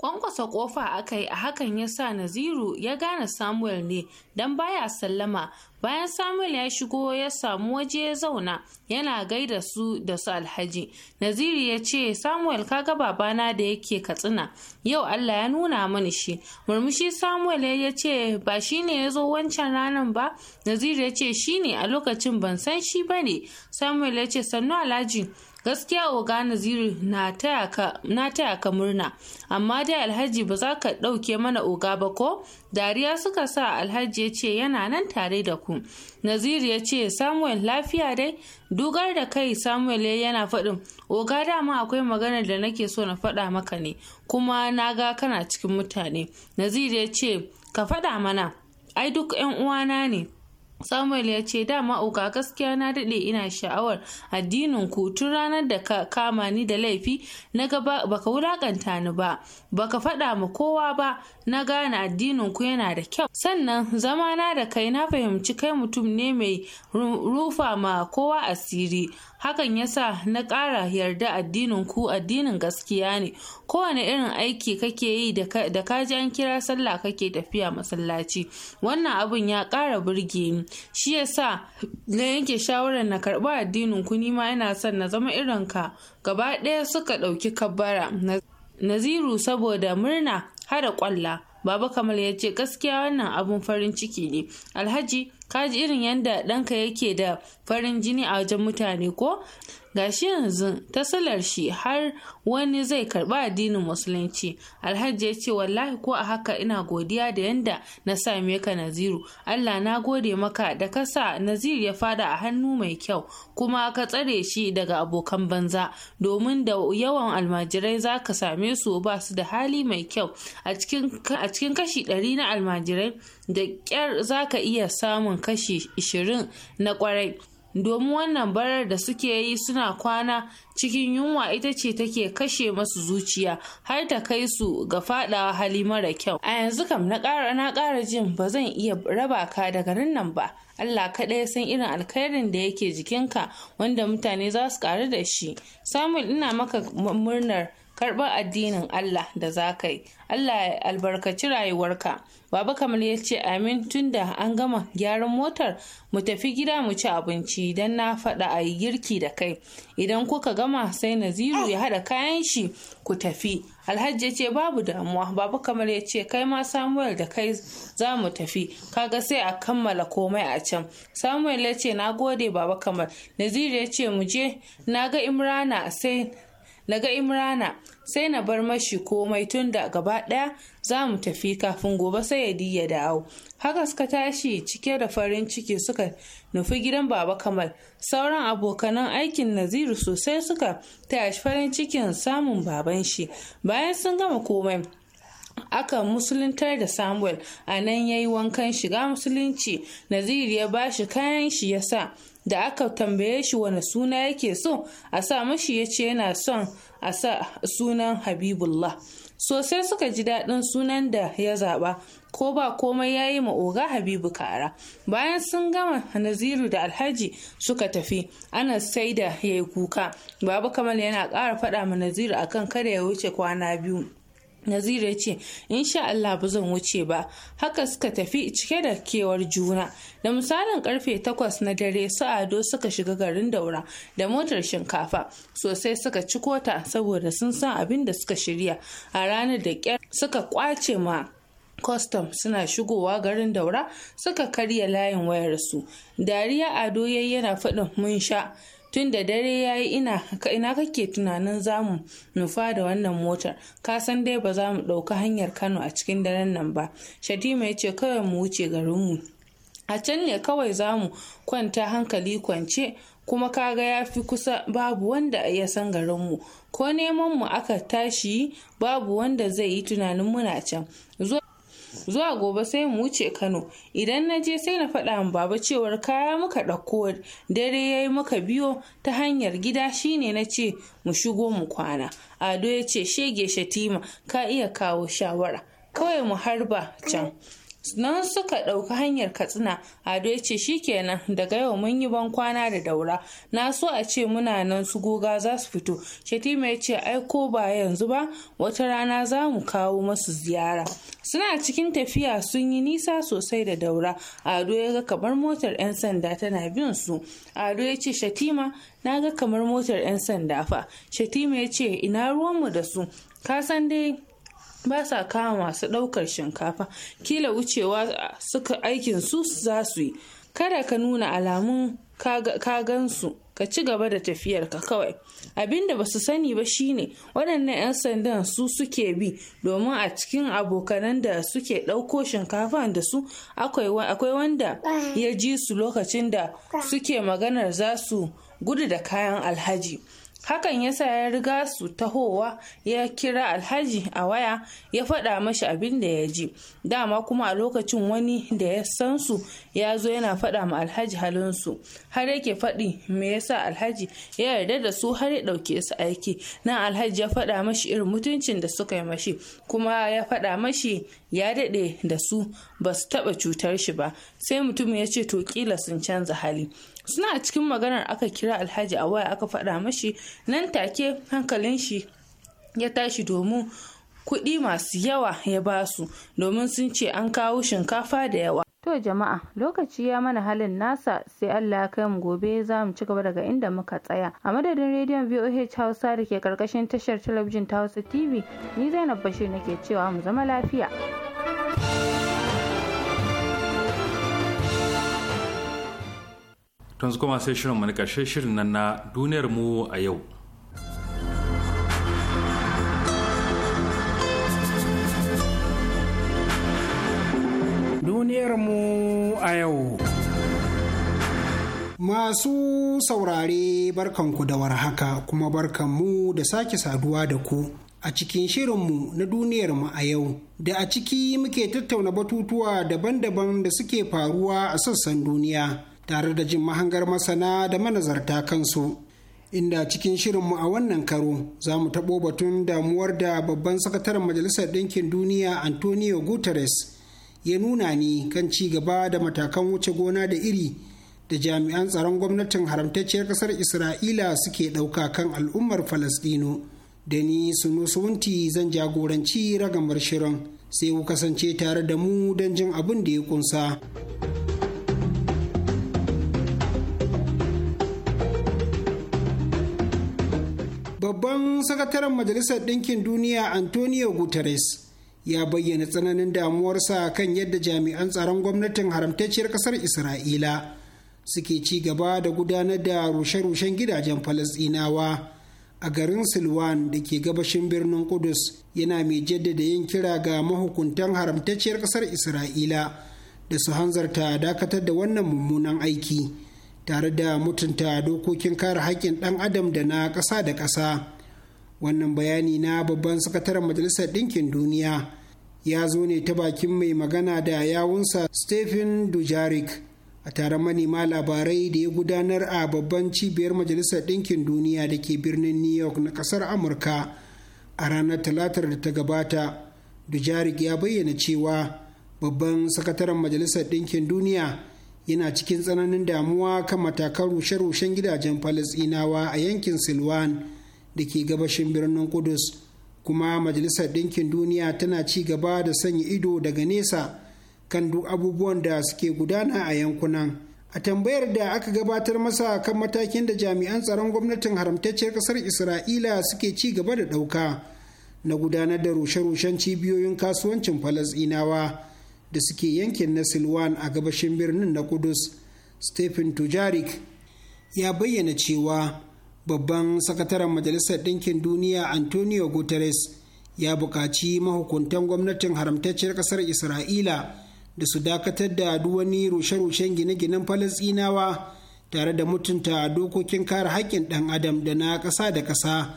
Kwankwasa kofa aka yi a hakan ya sa Naziru ya gane Samuel ne don baya sallama. Bayan Samuel ya shigo ya samu waje ya zauna yana gaida su da su alhaji. Naziru ya ce Samuel kaga babana da yake katsina yau Allah ya nuna mani shi. Murmushi Samuel ya ce ba shi ne ya zo wancan ranan ba? Naziru ya ce shi ne a lokacin ban san shi ba ne. Samuel ya ce sannu alhaji gaskiya oga naziru na taya ka murna amma dai alhaji ba za ka ɗauke mana oga ba ko dariya suka sa alhaji ya ce yana nan tare da ku naziru ya ce samuel lafiya dai dugar da kai samuel yana faɗin oga dama akwai maganar da nake so na faɗa maka ne kuma na ga kana cikin mutane naziru ya ce ka faɗa mana ai duk 'yan uwana ne Samuel ya ce dama uka gaskiya na daɗe ina sha'awar addinin ku tun ranar da ka kama ni da laifi na ga baka wulakanta ni ba baka faɗa ma kowa ba na gane addinin ku yana da kyau sannan zamana da kai na fahimci kai mutum ne mai rufa ma kowa asiri hakan ya sa na ƙara yarda addinin ku addinin gaskiya ne kowane irin aiki kake yi da kaji an kira sallah kake tafiya masallaci wannan abun ya ƙara burge ni shi sa na yanke shawarar na karɓi addinin ku nima ina son na zama irin ka gaba ɗaya suka ɗauki kabbara naziru saboda murna hada ƙwalla baba kamal ya ce gaskiya wannan abun farin ciki ne alhaji ka ji irin yadda ɗanka yake da farin jini a wajen mutane ko gashi yanzu ta salar shi har wani zai karba addinin musulunci alhaji ya ce wallahi ko a haka ina godiya da yanda na same ka naziru allah na gode maka da ka sa naziru ya fada a hannu mai kyau kuma ka tsare shi daga abokan banza domin da yawan almajirai za ka same su ba su da hali mai kyau a cikin kashi ɗari na almajirai da ƙyar za ka iya samun kashi ishirin na kwarai domin wannan barar da suke yi suna kwana cikin yunwa ita ce take kashe masu zuciya har ta kai su ga fadawa hali mara kyau a yanzu kam na ƙara na jin ba zan iya raba ka daga nan nan ba Allah kaɗai san irin alkhairin da yake jikinka wanda mutane za su ƙaru da shi samun ina maka murnar karɓar addinin Allah da za ka yi Allah ya albarkaci rayuwarka baba kamar ya ce amin tun da an gama gyaran motar mu tafi gida mu ci abinci idan na faɗa a yi girki da kai idan kuka gama sai naziru ya haɗa kayan shi ku tafi alhaji ya ce babu damuwa baba kamar ya ce kai ma samuel da kai za mu tafi kaga sai a kammala komai a can samuel ya ce na gode baba kamar naziru ya ce mu je na ga imrana sai na ga imrana sai na bar mashi komai tun da gaba ɗaya za mu tafi kafin gobe sai ya diya dawo haka suka tashi cike da farin ciki suka nufi gidan baba kamal sauran abokanan aikin naziru sosai suka tashi farin cikin samun baban shi bayan sun gama komai aka musuluntar da samuel a nan ya yi wankan shiga musulunci Naziru ya bashi kayan shi ya sa da aka tambaye shi wani suna yake so a sa mashi ya ce yana son a sa sunan habibullah sosai suka ji daɗin sunan da ya zaɓa ko ba komai ya yi oga habibu kara bayan sun gama naziru da alhaji suka tafi ana sai da ya yi kuka babu kamal yana ƙara faɗa ma naziru akan kada ya wuce kwana biyu Naziru ya ce, "Insha Allah ba zan wuce ba." Haka suka tafi cike da kewar juna. Da misalin karfe takwas na dare su Ado suka shiga garin Daura da motar shinkafa. Sosai suka ci kota saboda sun san abin da suka shirya. A ranar da ƙyar suka kwace ma kwastam suna shigowa garin Daura suka karya layin wayarsu. Dariya Ado yayi yana faɗin mun sha. tun da dare ya yi ina kake tunanin zamu nufa da wannan motar ka san dai ba za mu ɗauka hanyar kano a cikin daren nan ba shatima ya ce kawai mu wuce garinmu a can ne kawai za mu kwanta hankali kwance kuma kaga ya fi kusa babu wanda ya san garinmu ko neman mu aka tashi babu wanda zai yi tunanin muna can zuwa gobe sai mu wuce kano idan na je sai na faɗa ma baba cewar kaya muka ɗauko dare yayi muka biyo ta hanyar gida shine na ce mu shigo mu kwana ado ya ce shege shatima ka iya kawo shawara kawai mu harba can nan suka ɗauki hanyar katsina ado ya ce kenan daga yau mun yi ban kwana da daura na so a ce muna nan su goga za su fito shetima ya ce ai ko ba yanzu ba wata rana za mu kawo masu ziyara suna cikin tafiya sun yi nisa sosai da daura ado ya ga kamar motar 'yan sanda tana bin su ado ya ce shatima na ga kamar motar 'yan sanda fa shatima ya ce ina ruwanmu da su ka san dai ba sa kama masu ɗaukar shinkafa kila wucewa suka aikin su za su yi kada ka nuna alamun ka gansu ka ci gaba da tafiyar ka kawai abinda ba su sani ba shine waɗannan 'yan sandan su suke bi domin a cikin abokanan da suke ɗauko shinkafa da su akwai wanda ya ji su lokacin da suke maganar za su gudu da kayan alhaji hakan ya sa ya riga su tahowa ya kira alhaji a waya ya faɗa mashi abin da ya ji dama kuma a lokacin wani da ya san su ya zo yana faɗa ma alhaji halinsu har yake faɗi me ya sa alhaji ya yarda da su har ya ɗauke su aiki nan alhaji ya faɗa mashi irin mutuncin da suka yi mashi kuma ya faɗa mashi ya daɗe da su ba su taɓa cutar shi ba sai mutum ya ce to kila sun canza hali suna cikin maganar aka kira alhaji a waya aka faɗa mashi nan take hankalin shi ya tashi domin kuɗi masu yawa ya basu domin sun ce an kawo shinkafa da yawa To jama'a lokaci ya mana halin nasa sai Allah ya kai mu gobe za mu ci gaba daga inda muka tsaya. A madadin rediyon VOH Hausa da ke karkashin tashar talabijin ta Hausa TV ni Zainab Bashir nake cewa mu zama lafiya. tun kuma sai shirin na ƙarshe shirin nan na duniyar mu a yau duniyar mu a yau Masu saurare barkanku da warhaka kuma barkanmu da sake saduwa da ku a cikin shirinmu na duniyarmu a yau da a ciki muke tattauna batutuwa daban-daban da suke faruwa a sassan duniya tare da jin mahangar masana da manazarta kansu inda cikin shirinmu a wannan karo za mu taɓo batun damuwar da babban sakataren majalisar ɗinkin duniya antonio guterres ya nuna ni kan ci gaba da matakan wuce gona da iri da jami'an tsaron gwamnatin haramtacciyar ƙasar isra'ila suke ɗauka kan al'ummar falastino da ni su sunusunti zan jagoranci ragamar shirin sai ku kasance tare da mu don jin abin da ya kunsa. Babban sakataren Majalisar Ɗinkin Duniya Antonio Guterres ya bayyana tsananin damuwarsa kan yadda jami'an tsaron gwamnatin haramtacciyar ƙasar Isra'ila suke ci gaba da gudanar da rushe-rushen gidajen Falasɗinawa a garin Silwan da ke gabashin birnin Kudus yana mai jaddada yin kira ga mahukuntan haramtacciyar ƙasar Isra'ila da su hanzarta dakatar da wannan mummunan aiki. tare da mutunta dokokin kare haƙƙin ɗan adam da na ƙasa da ƙasa wannan bayani na babban sakataren majalisar ɗinkin duniya ya zo ne ta bakin mai magana da yawunsa stephen dujarik a taron manema labarai da ya gudanar a babban cibiyar majalisar ɗinkin duniya da ke birnin new york na ƙasar amurka a ranar talatar da ta gabata dujarik ya bayyana cewa babban sakataren majalisar ɗinkin duniya yana cikin tsananin damuwa kan matakan rushe-rushen gidajen falasinawa a yankin silwan da ke gabashin birnin Kudus. Kuma Majalisar Ɗinkin Duniya tana ci gaba da sanya ido daga nesa kan duk abubuwan da suke gudana a yankunan. a tambayar da aka gabatar masa kan matakin da jami'an tsaron gwamnatin haramtacciyar ƙasar isra'ila suke ci gaba da ɗauka na gudanar da rushe-rushen cibiyoyin kasuwancin falasɗinawa da suke yankin na silwan a gabashin birnin na kudus stephen tujarik ya bayyana cewa babban sakataren majalisar ɗinkin duniya antonio guterres ya buƙaci mahukuntan gwamnatin haramtacciyar ƙasar isra'ila da su dakatar da wani rushe-rushen gine-ginen falasɗinawa tare da mutunta dokokin kare haƙƙin ɗan adam da na ƙasa da ƙasa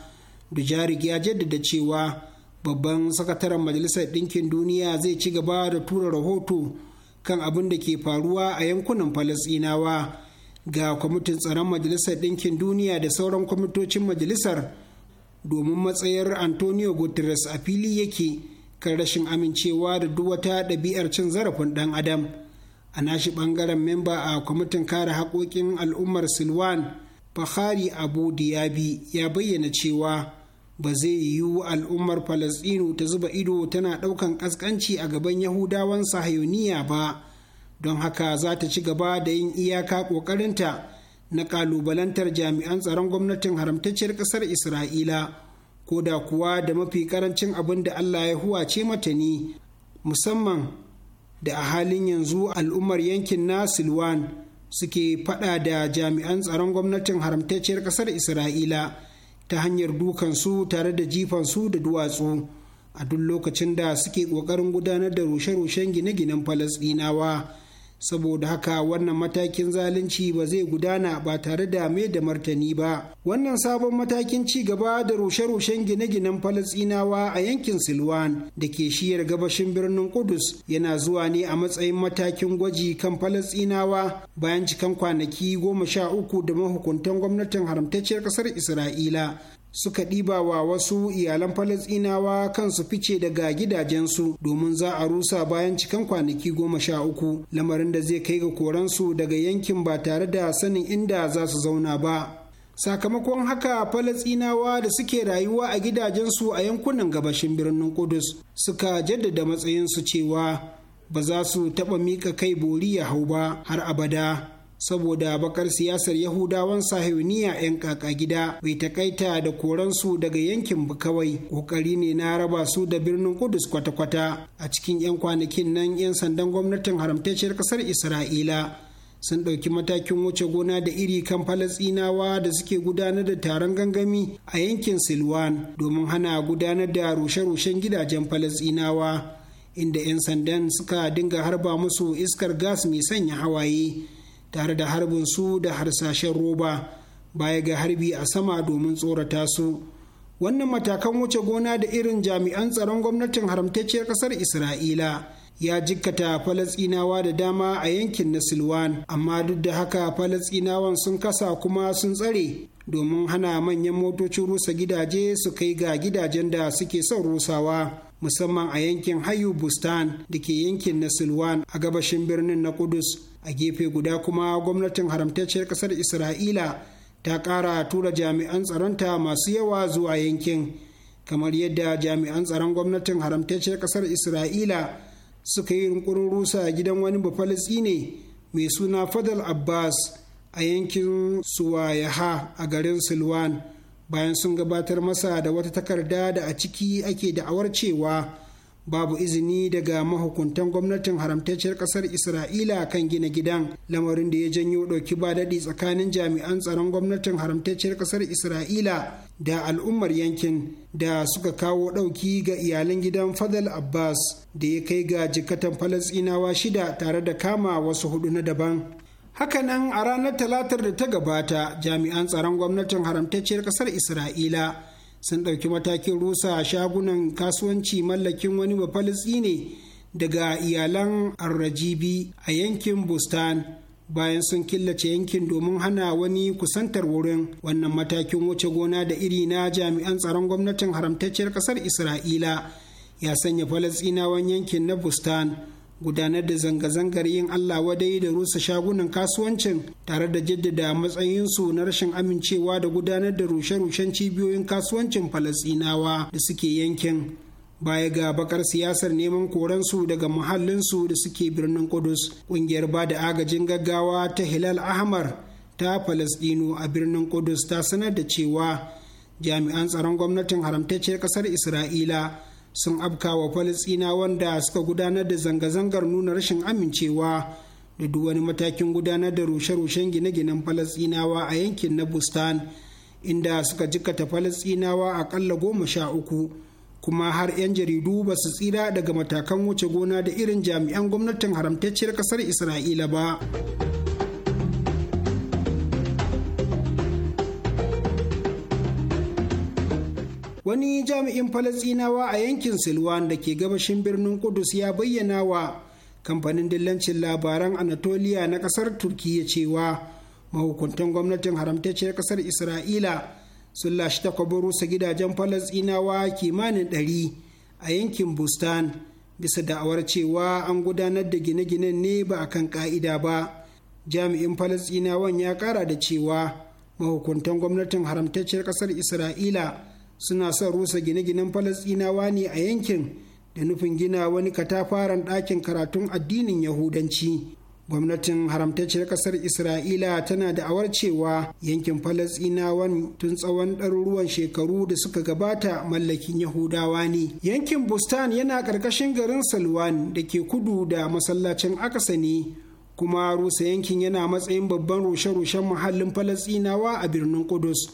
dujarik ya jaddada cewa babban sakataren majalisar ɗinkin duniya zai ci gaba da tura rahoto kan abin da ke faruwa a yankunan falasɗinawa ga kwamitin tsaron majalisar ɗinkin duniya da sauran kwamitocin majalisar domin matsayar antonio guterres a fili yake kan rashin amincewa da duk wata ɗabi'ar cin zarafin ɗan adam a nashi ɓangaren memba a kwamitin kare haƙoƙin al'ummar silwan fahari abu diyabi ya bayyana cewa ba zai yiwu al'ummar falasɗinu ta zuba ido tana ɗaukan ƙasƙanci a gaban yahudawan sahayoniya ba don haka za ta ci gaba da yin iyaka ƙoƙarinta na ƙalubalantar jami'an tsaron gwamnatin haramtacciyar ƙasar isra'ila ko da kuwa da mafi ƙarancin abin da allah ya huwace mata ne musamman da a halin yanzu al'ummar yankin na silwan suke faɗa da jami'an tsaron gwamnatin haramtacciyar ƙasar isra'ila ta hanyar dukansu tare da jifansu da duwatsu a duk lokacin da suke ƙoƙarin gudanar da rushe-rushen gine-ginen falasɗinawa saboda haka wannan matakin zalunci ba zai gudana ba tare da mai da martani ba wannan sabon matakin ci gaba da rushe-rushen gine-ginen falasinawa a yankin silwan da ke shiyar gabashin birnin kudus yana zuwa ne a matsayin matakin gwaji kan falasinawa bayan cikan kwanaki goma sha uku da mahukuntan gwamnatin haramtacciyar ƙasar isra'ila suka ɗiba wa wasu iyalan falasɗinawa kansu fice daga gidajensu domin za a rusa bayan cikan kwanaki goma sha uku lamarin da zai kai ga koransu daga yankin ba tare da sanin inda za su zauna ba sakamakon haka falasinawa da suke rayuwa a gidajensu a yankunan gabashin birnin kudus suka jaddada matsayinsu cewa ba za su taɓa miƙa kai bori ya hau ba har abada saboda bakar siyasar yahudawan sahiyoniya 'yan kaka gida bai takaita da koransu daga yankin ba kawai kokari ne na raba su da birnin kudus kwata-kwata a cikin 'yan kwanakin nan 'yan sandan gwamnatin haramtacciyar kasar isra'ila sun ɗauki matakin wuce gona da iri kan falasinawa da suke gudanar da taron gangami a yankin silwan domin hana gudanar da rushe-rushen gidajen falasinawa inda 'yan sandan suka dinga harba musu iskar gas mai sanya hawaye tare da harbin su da harsashen roba baya ga harbi a sama domin tsorata su wannan matakan wuce gona da irin jami'an tsaron gwamnatin haramtacciyar ƙasar isra'ila ya jikkata falasinawa da dama a yankin na silwan amma duk da haka falasinawan sun kasa kuma sun tsare domin hana manyan motocin rusa gidaje su kai ga gidajen da suke son rusawa musamman a yankin hayu bustan da ke yankin na silwan a gabashin birnin na kudus a gefe guda kuma gwamnatin haramtacciyar kasar isra'ila ta kara tura jami'an tsaronta masu yawa zuwa yankin kamar yadda jami'an tsaron gwamnatin haramtacciyar kasar isra'ila suka yi rinkurin rusa gidan wani ne mai suna fadal abbas a yankin suwayaha a garin silwan bayan sun gabatar masa da wata takarda da a ciki ake da'awar cewa babu izini daga mahukuntan gwamnatin haramtacciyar kasar isra'ila kan gina gidan lamarin da ya janyo ɗauki ba daɗi tsakanin jami'an tsaron gwamnatin haramtacciyar kasar isra'ila da al'ummar yankin da suka kawo ɗauki ga iyalan gidan fadal abbas da ya kai ga jikatan Falasinawa shida tare da kama wasu hudu na daban Hakanan a ranar talatar da ta gabata jami'an tsaron gwamnatin haramtacciyar ƙasar Isra'ila sun ɗauki matakin rusa a shagunan kasuwanci mallakin wani bafalitsi ne daga iyalan arrajibi a yankin Bustan. bayan sun killace yankin domin hana wani kusantar wurin wannan matakin wuce gona da iri na jami'an tsaron gwamnatin haramtacciyar ƙasar isra'ila ya sanya falasinawan yankin na bustan gudanar da zanga-zangar yin Allah wadai da rusa shagunan kasuwancin tare da jaddada matsayinsu na rashin amincewa da gudanar da rushe-rushen cibiyoyin kasuwancin Falasɗinawa da suke yankin. baya ga bakar siyasar neman koransu daga muhallinsu da suke birnin kudus ƙungiyar ba da agajin gaggawa ta hilal ahmar ta falasdino a birnin kudus ta sanar da cewa jami'an tsaron gwamnatin haramtacciyar ƙasar isra'ila sun wa falisina wanda suka gudanar da zanga-zangar nuna rashin amincewa da duk wani matakin gudanar da rushe-rushen gine-ginen falasinawa a yankin na bustan inda suka jikata falasinawa akalla goma sha uku kuma har 'yan jaridu ba su tsira daga matakan wuce gona da irin jami'an gwamnatin haramtacciyar ƙasar isra'ila ba. wani jami'in falasinawa a yankin silwan da ke gabashin birnin kudus ya bayyana wa kamfanin dillancin labaran anatolia na kasar turkiya cewa mahukuntan gwamnatin haramtacciyar kasar isra'ila sun lashe takwabar rusa gidajen falasinawa kimanin ɗari a yankin bustan bisa da'awar cewa an gudanar da gine-ginen ne ba a kan ka'ida ba jami'in falasinawan ya kara da cewa mahukuntan gwamnatin haramtacciyar kasar isra'ila suna son rusa gine-ginen falasɗinawa ne a yankin da nufin gina wani katafaren ɗakin karatun addinin yahudanci gwamnatin haramtacciyar ƙasar isra'ila tana da'awar cewa yankin falasinawan tun tsawon ɗaruruwan shekaru da suka gabata mallakin yahudawa ne yankin bustan yana ƙarƙashin garin salwan da ke kudu da masallacin akasa ne kuma rusa yankin yana matsayin babban rushe-rushen muhallin falasinawa a birnin kudus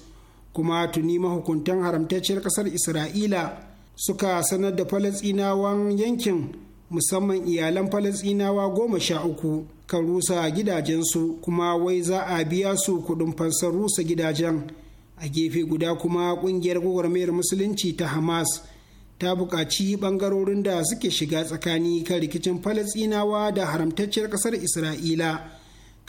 kuma tuni mahukuntan haramtacciyar ƙasar isra'ila suka sanar da falasinawan yankin musamman iyalan falasinawa goma sha uku kan rusa gidajensu kuma wai za a biya su kuɗin fansar rusa gidajen a gefe guda kuma ƙungiyar gwagwarmayar musulunci ta hamas ta buƙaci ɓangarorin da suke shiga tsakani kan rikicin falasinawa da haramtacciyar ƙasar isra'ila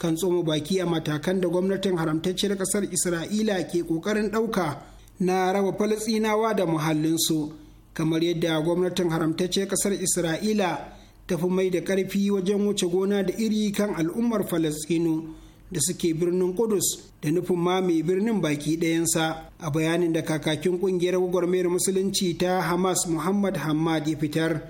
kan tsoma baki a matakan da gwamnatin haramtacciyar ƙasar isra'ila ke ƙoƙarin ɗauka na raba falasinawa da muhallinsu kamar yadda gwamnatin haramtacciyar ƙasar isra'ila ta fi mai da ƙarfi wajen wuce gona da iri kan al'ummar falasinu da suke birnin kudus da nufin ma mai birnin baki ɗayansa a bayanin da kakakin ƙungiyar gwagwarmayar musulunci ta hamas muhammad hamad ya fitar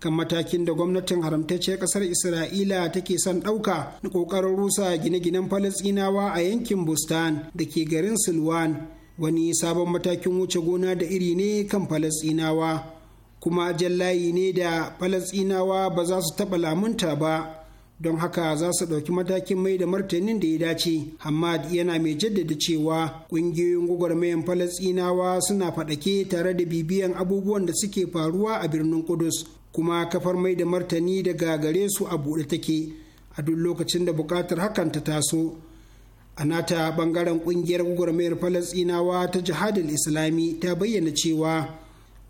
kan matakin da gwamnatin haramtaccen kasar isra'ila take son ɗauka na ƙoƙarin rusa gine-ginen falasɗinawa a yankin bustan da ke garin silwan wani sabon matakin wuce gona da iri ne kan falasɗinawa kuma jallayi ne da falasɗinawa ba za su taɓa lamunta ba don haka za su ɗauki matakin mai da martanin da ya dace hamad yana mai jaddada cewa ƙungiyoyin gwagwarmayan falasɗinawa suna faɗake tare da bibiyan abubuwan da suke faruwa a birnin kudus kuma kafar mai da martani daga gare su a buɗe take a duk lokacin da buƙatar hakan ta taso a nata ɓangaren ƙungiyar gwagwarmayar falastinawa ta jihadin islami ta bayyana cewa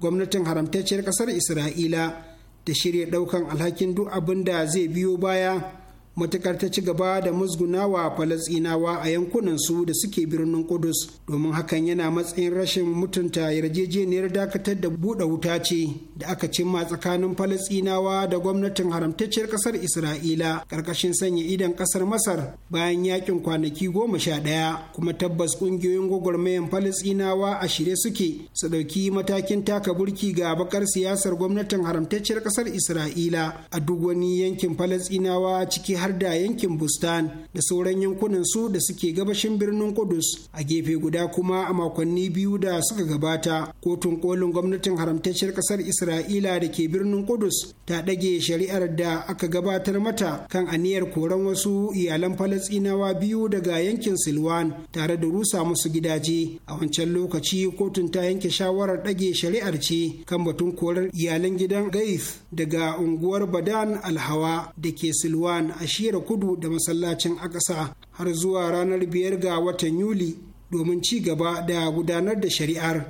gwamnatin haramtacciyar ƙasar isra'ila ta shirya ɗaukan alhakin duk abin da zai biyo baya matukar ta ci gaba da musgunawa falasinawa a yankunan su da suke birnin kudus domin hakan yana matsayin rashin mutunta yarjejeniyar dakatar da buɗe wuta ce da aka cimma tsakanin falasinawa da gwamnatin haramtacciyar ƙasar isra'ila ƙarƙashin sanya idan ƙasar masar bayan yakin kwanaki goma sha ɗaya kuma tabbas ƙungiyoyin gwagwarmayan falasinawa a shirye suke su ɗauki matakin taka burki ga bakar siyasar gwamnatin haramtacciyar ƙasar isra'ila a duk wani yankin falasinawa ciki har har da yankin bustan da sauran yankunan su da suke gabashin birnin kudus a gefe guda kuma a makonni biyu da suka gabata kotun kolin gwamnatin haramtacciyar kasar isra'ila da ke birnin kudus ta ɗage shari'ar da aka gabatar mata kan aniyar koran wasu iyalan falastinawa biyu daga yankin silwan tare da rusa musu gidaje a wancan lokaci kotun ta yanke shawarar ɗage shari'ar ce kan batun korar iyalan gidan gaif daga unguwar badan alhawa da ke silwan a ashirar kudu da masallacin akasa har zuwa ranar biyar ga watan yuli domin ci gaba da gudanar da shari'ar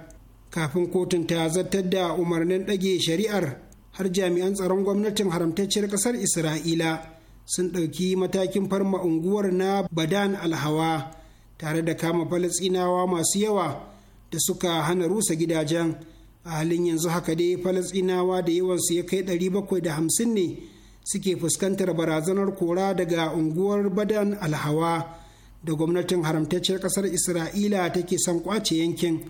kafin kotun ta zartar da umarnin ɗage shari'ar har jami'an tsaron gwamnatin haramtacciyar ƙasar isra'ila sun ɗauki matakin farma unguwar na badan alhawa tare da kama falasinawa masu yawa da suka hana rusa gidajen a halin yanzu haka dai falasinawa da yawansu ya kai 750 ne suke fuskantar barazanar kora daga unguwar badan alhawa da gwamnatin haramtacciyar ƙasar isra'ila take son kwace yankin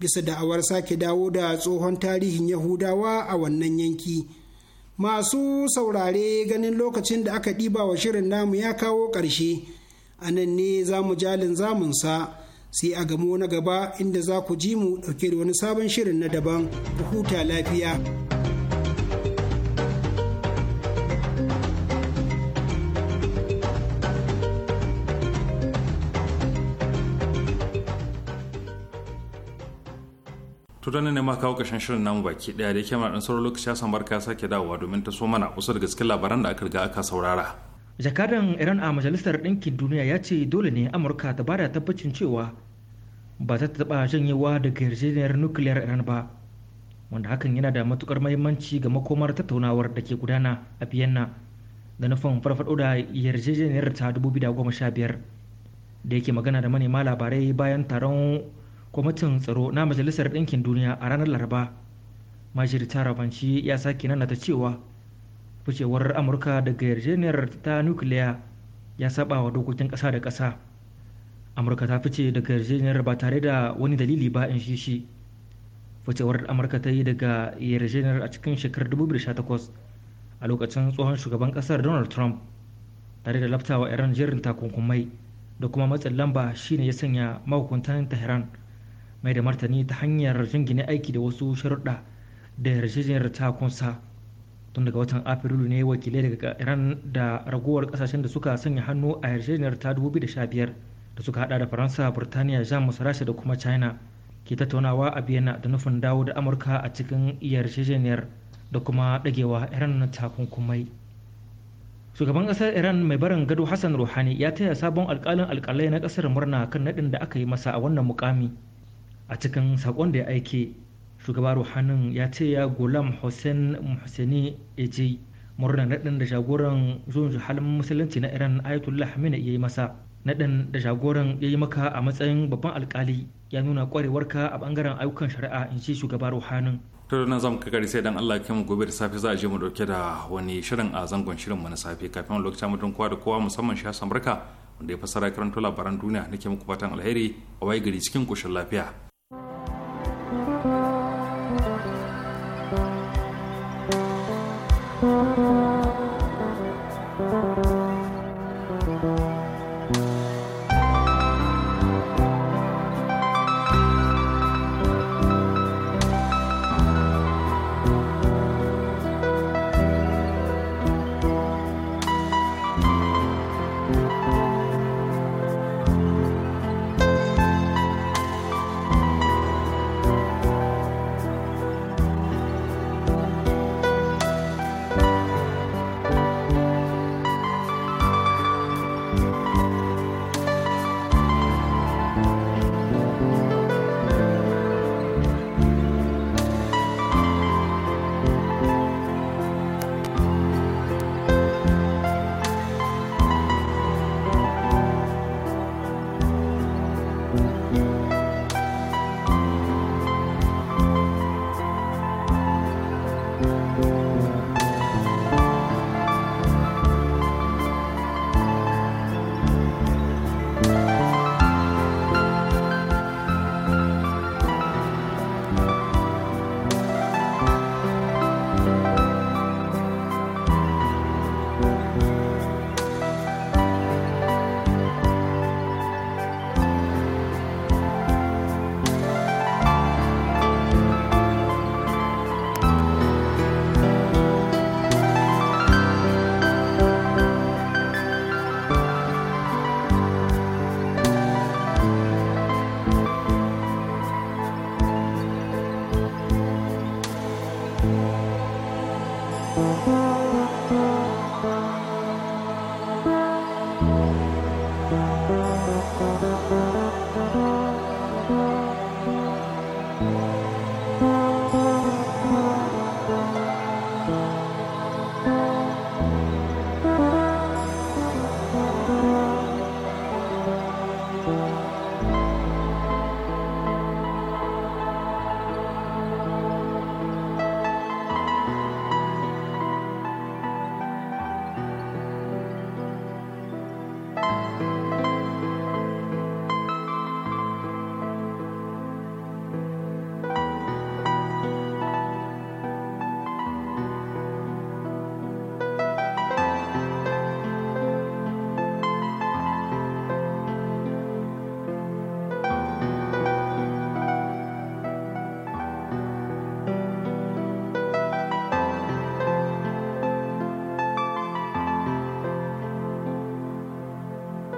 bisa da'awar sake dawo da tsohon tarihin yahudawa a wannan yanki masu saurare ganin lokacin da aka ɗiba wa shirin namu ya kawo ƙarshe a nan ne za mu jalin zamunsa sai a gamo na gaba inda za ku ji mu ɗauke da wani sabon shirin na daban huta lafiya. to ne ma kawo kashin shirin namu baki ɗaya da mana ɗan sauran lokaci san barka sake dawowa domin ta so mana kusa da gaske labaran da aka riga aka saurara. jakadan iran a majalisar ɗinkin duniya ya ce dole ne amurka ta bada tabbacin cewa ba ta taɓa janyewa daga yarjejeniyar nukiliyar iran ba wanda hakan yana da matukar mahimmanci ga makomar tattaunawar da ke gudana a vienna da nufin farfaɗo da yarjejeniyar ta 2015 da yake magana da manema labarai bayan taron kwamitin tsaro na majalisar ɗinkin duniya a ranar laraba majiri tarabanci ya sake nana ta cewa ficewar amurka daga yarjejeniyar ta nukiliya ya saba wa dokokin ƙasa da ƙasa amurka ta fice daga yarjejeniyar ba tare da wani dalili ba in shi shi ficewar amurka ta yi daga yarjejeniyar a cikin shekarar 2018 a lokacin tsohon shugaban ƙasar donald trump tare da laftawa iran jerin takunkumai da kuma matsin lamba shine ya sanya mahukuntan tehran mai da martani ta hanyar jingine aiki da wasu sharuɗa da yarjejeniyar ta kunsa tun daga watan afrilu ne wakilai daga iran da ragowar kasashen da suka sanya hannu a yarjejeniyar ta 2015 da suka hada da faransa burtaniya jamus rasha da kuma china ke tattaunawa a biyana da nufin dawo da amurka a cikin yarjejeniyar da kuma dagewa iran takunkumai shugaban kasar iran mai barin gado hassan ruhani ya taya sabon alkalin alkalai na kasar murna kan nadin da aka yi masa a wannan mukami a cikin sakon da ya aike shugaba ruhanin ya ce ya gulam hussein muhsini eji murnar naɗin da jagoran zuwan halin musulunci na iran ayatollah hamina ya yi masa naɗin da jagoran ya yi maka a matsayin babban alkali ya nuna kwarewarka a bangaren ayyukan shari'a in ci shugaba ruhanin to nan zamu gari sai dan Allah ya mu gobe da safe za a je mu dauke da wani shirin a zangon shirin mu na safe kafin lokacin mutum kowa da kowa musamman shi Hassan Barka wanda ya fassara karanto labaran duniya nake muku fatan alheri a waye gari cikin koshin lafiya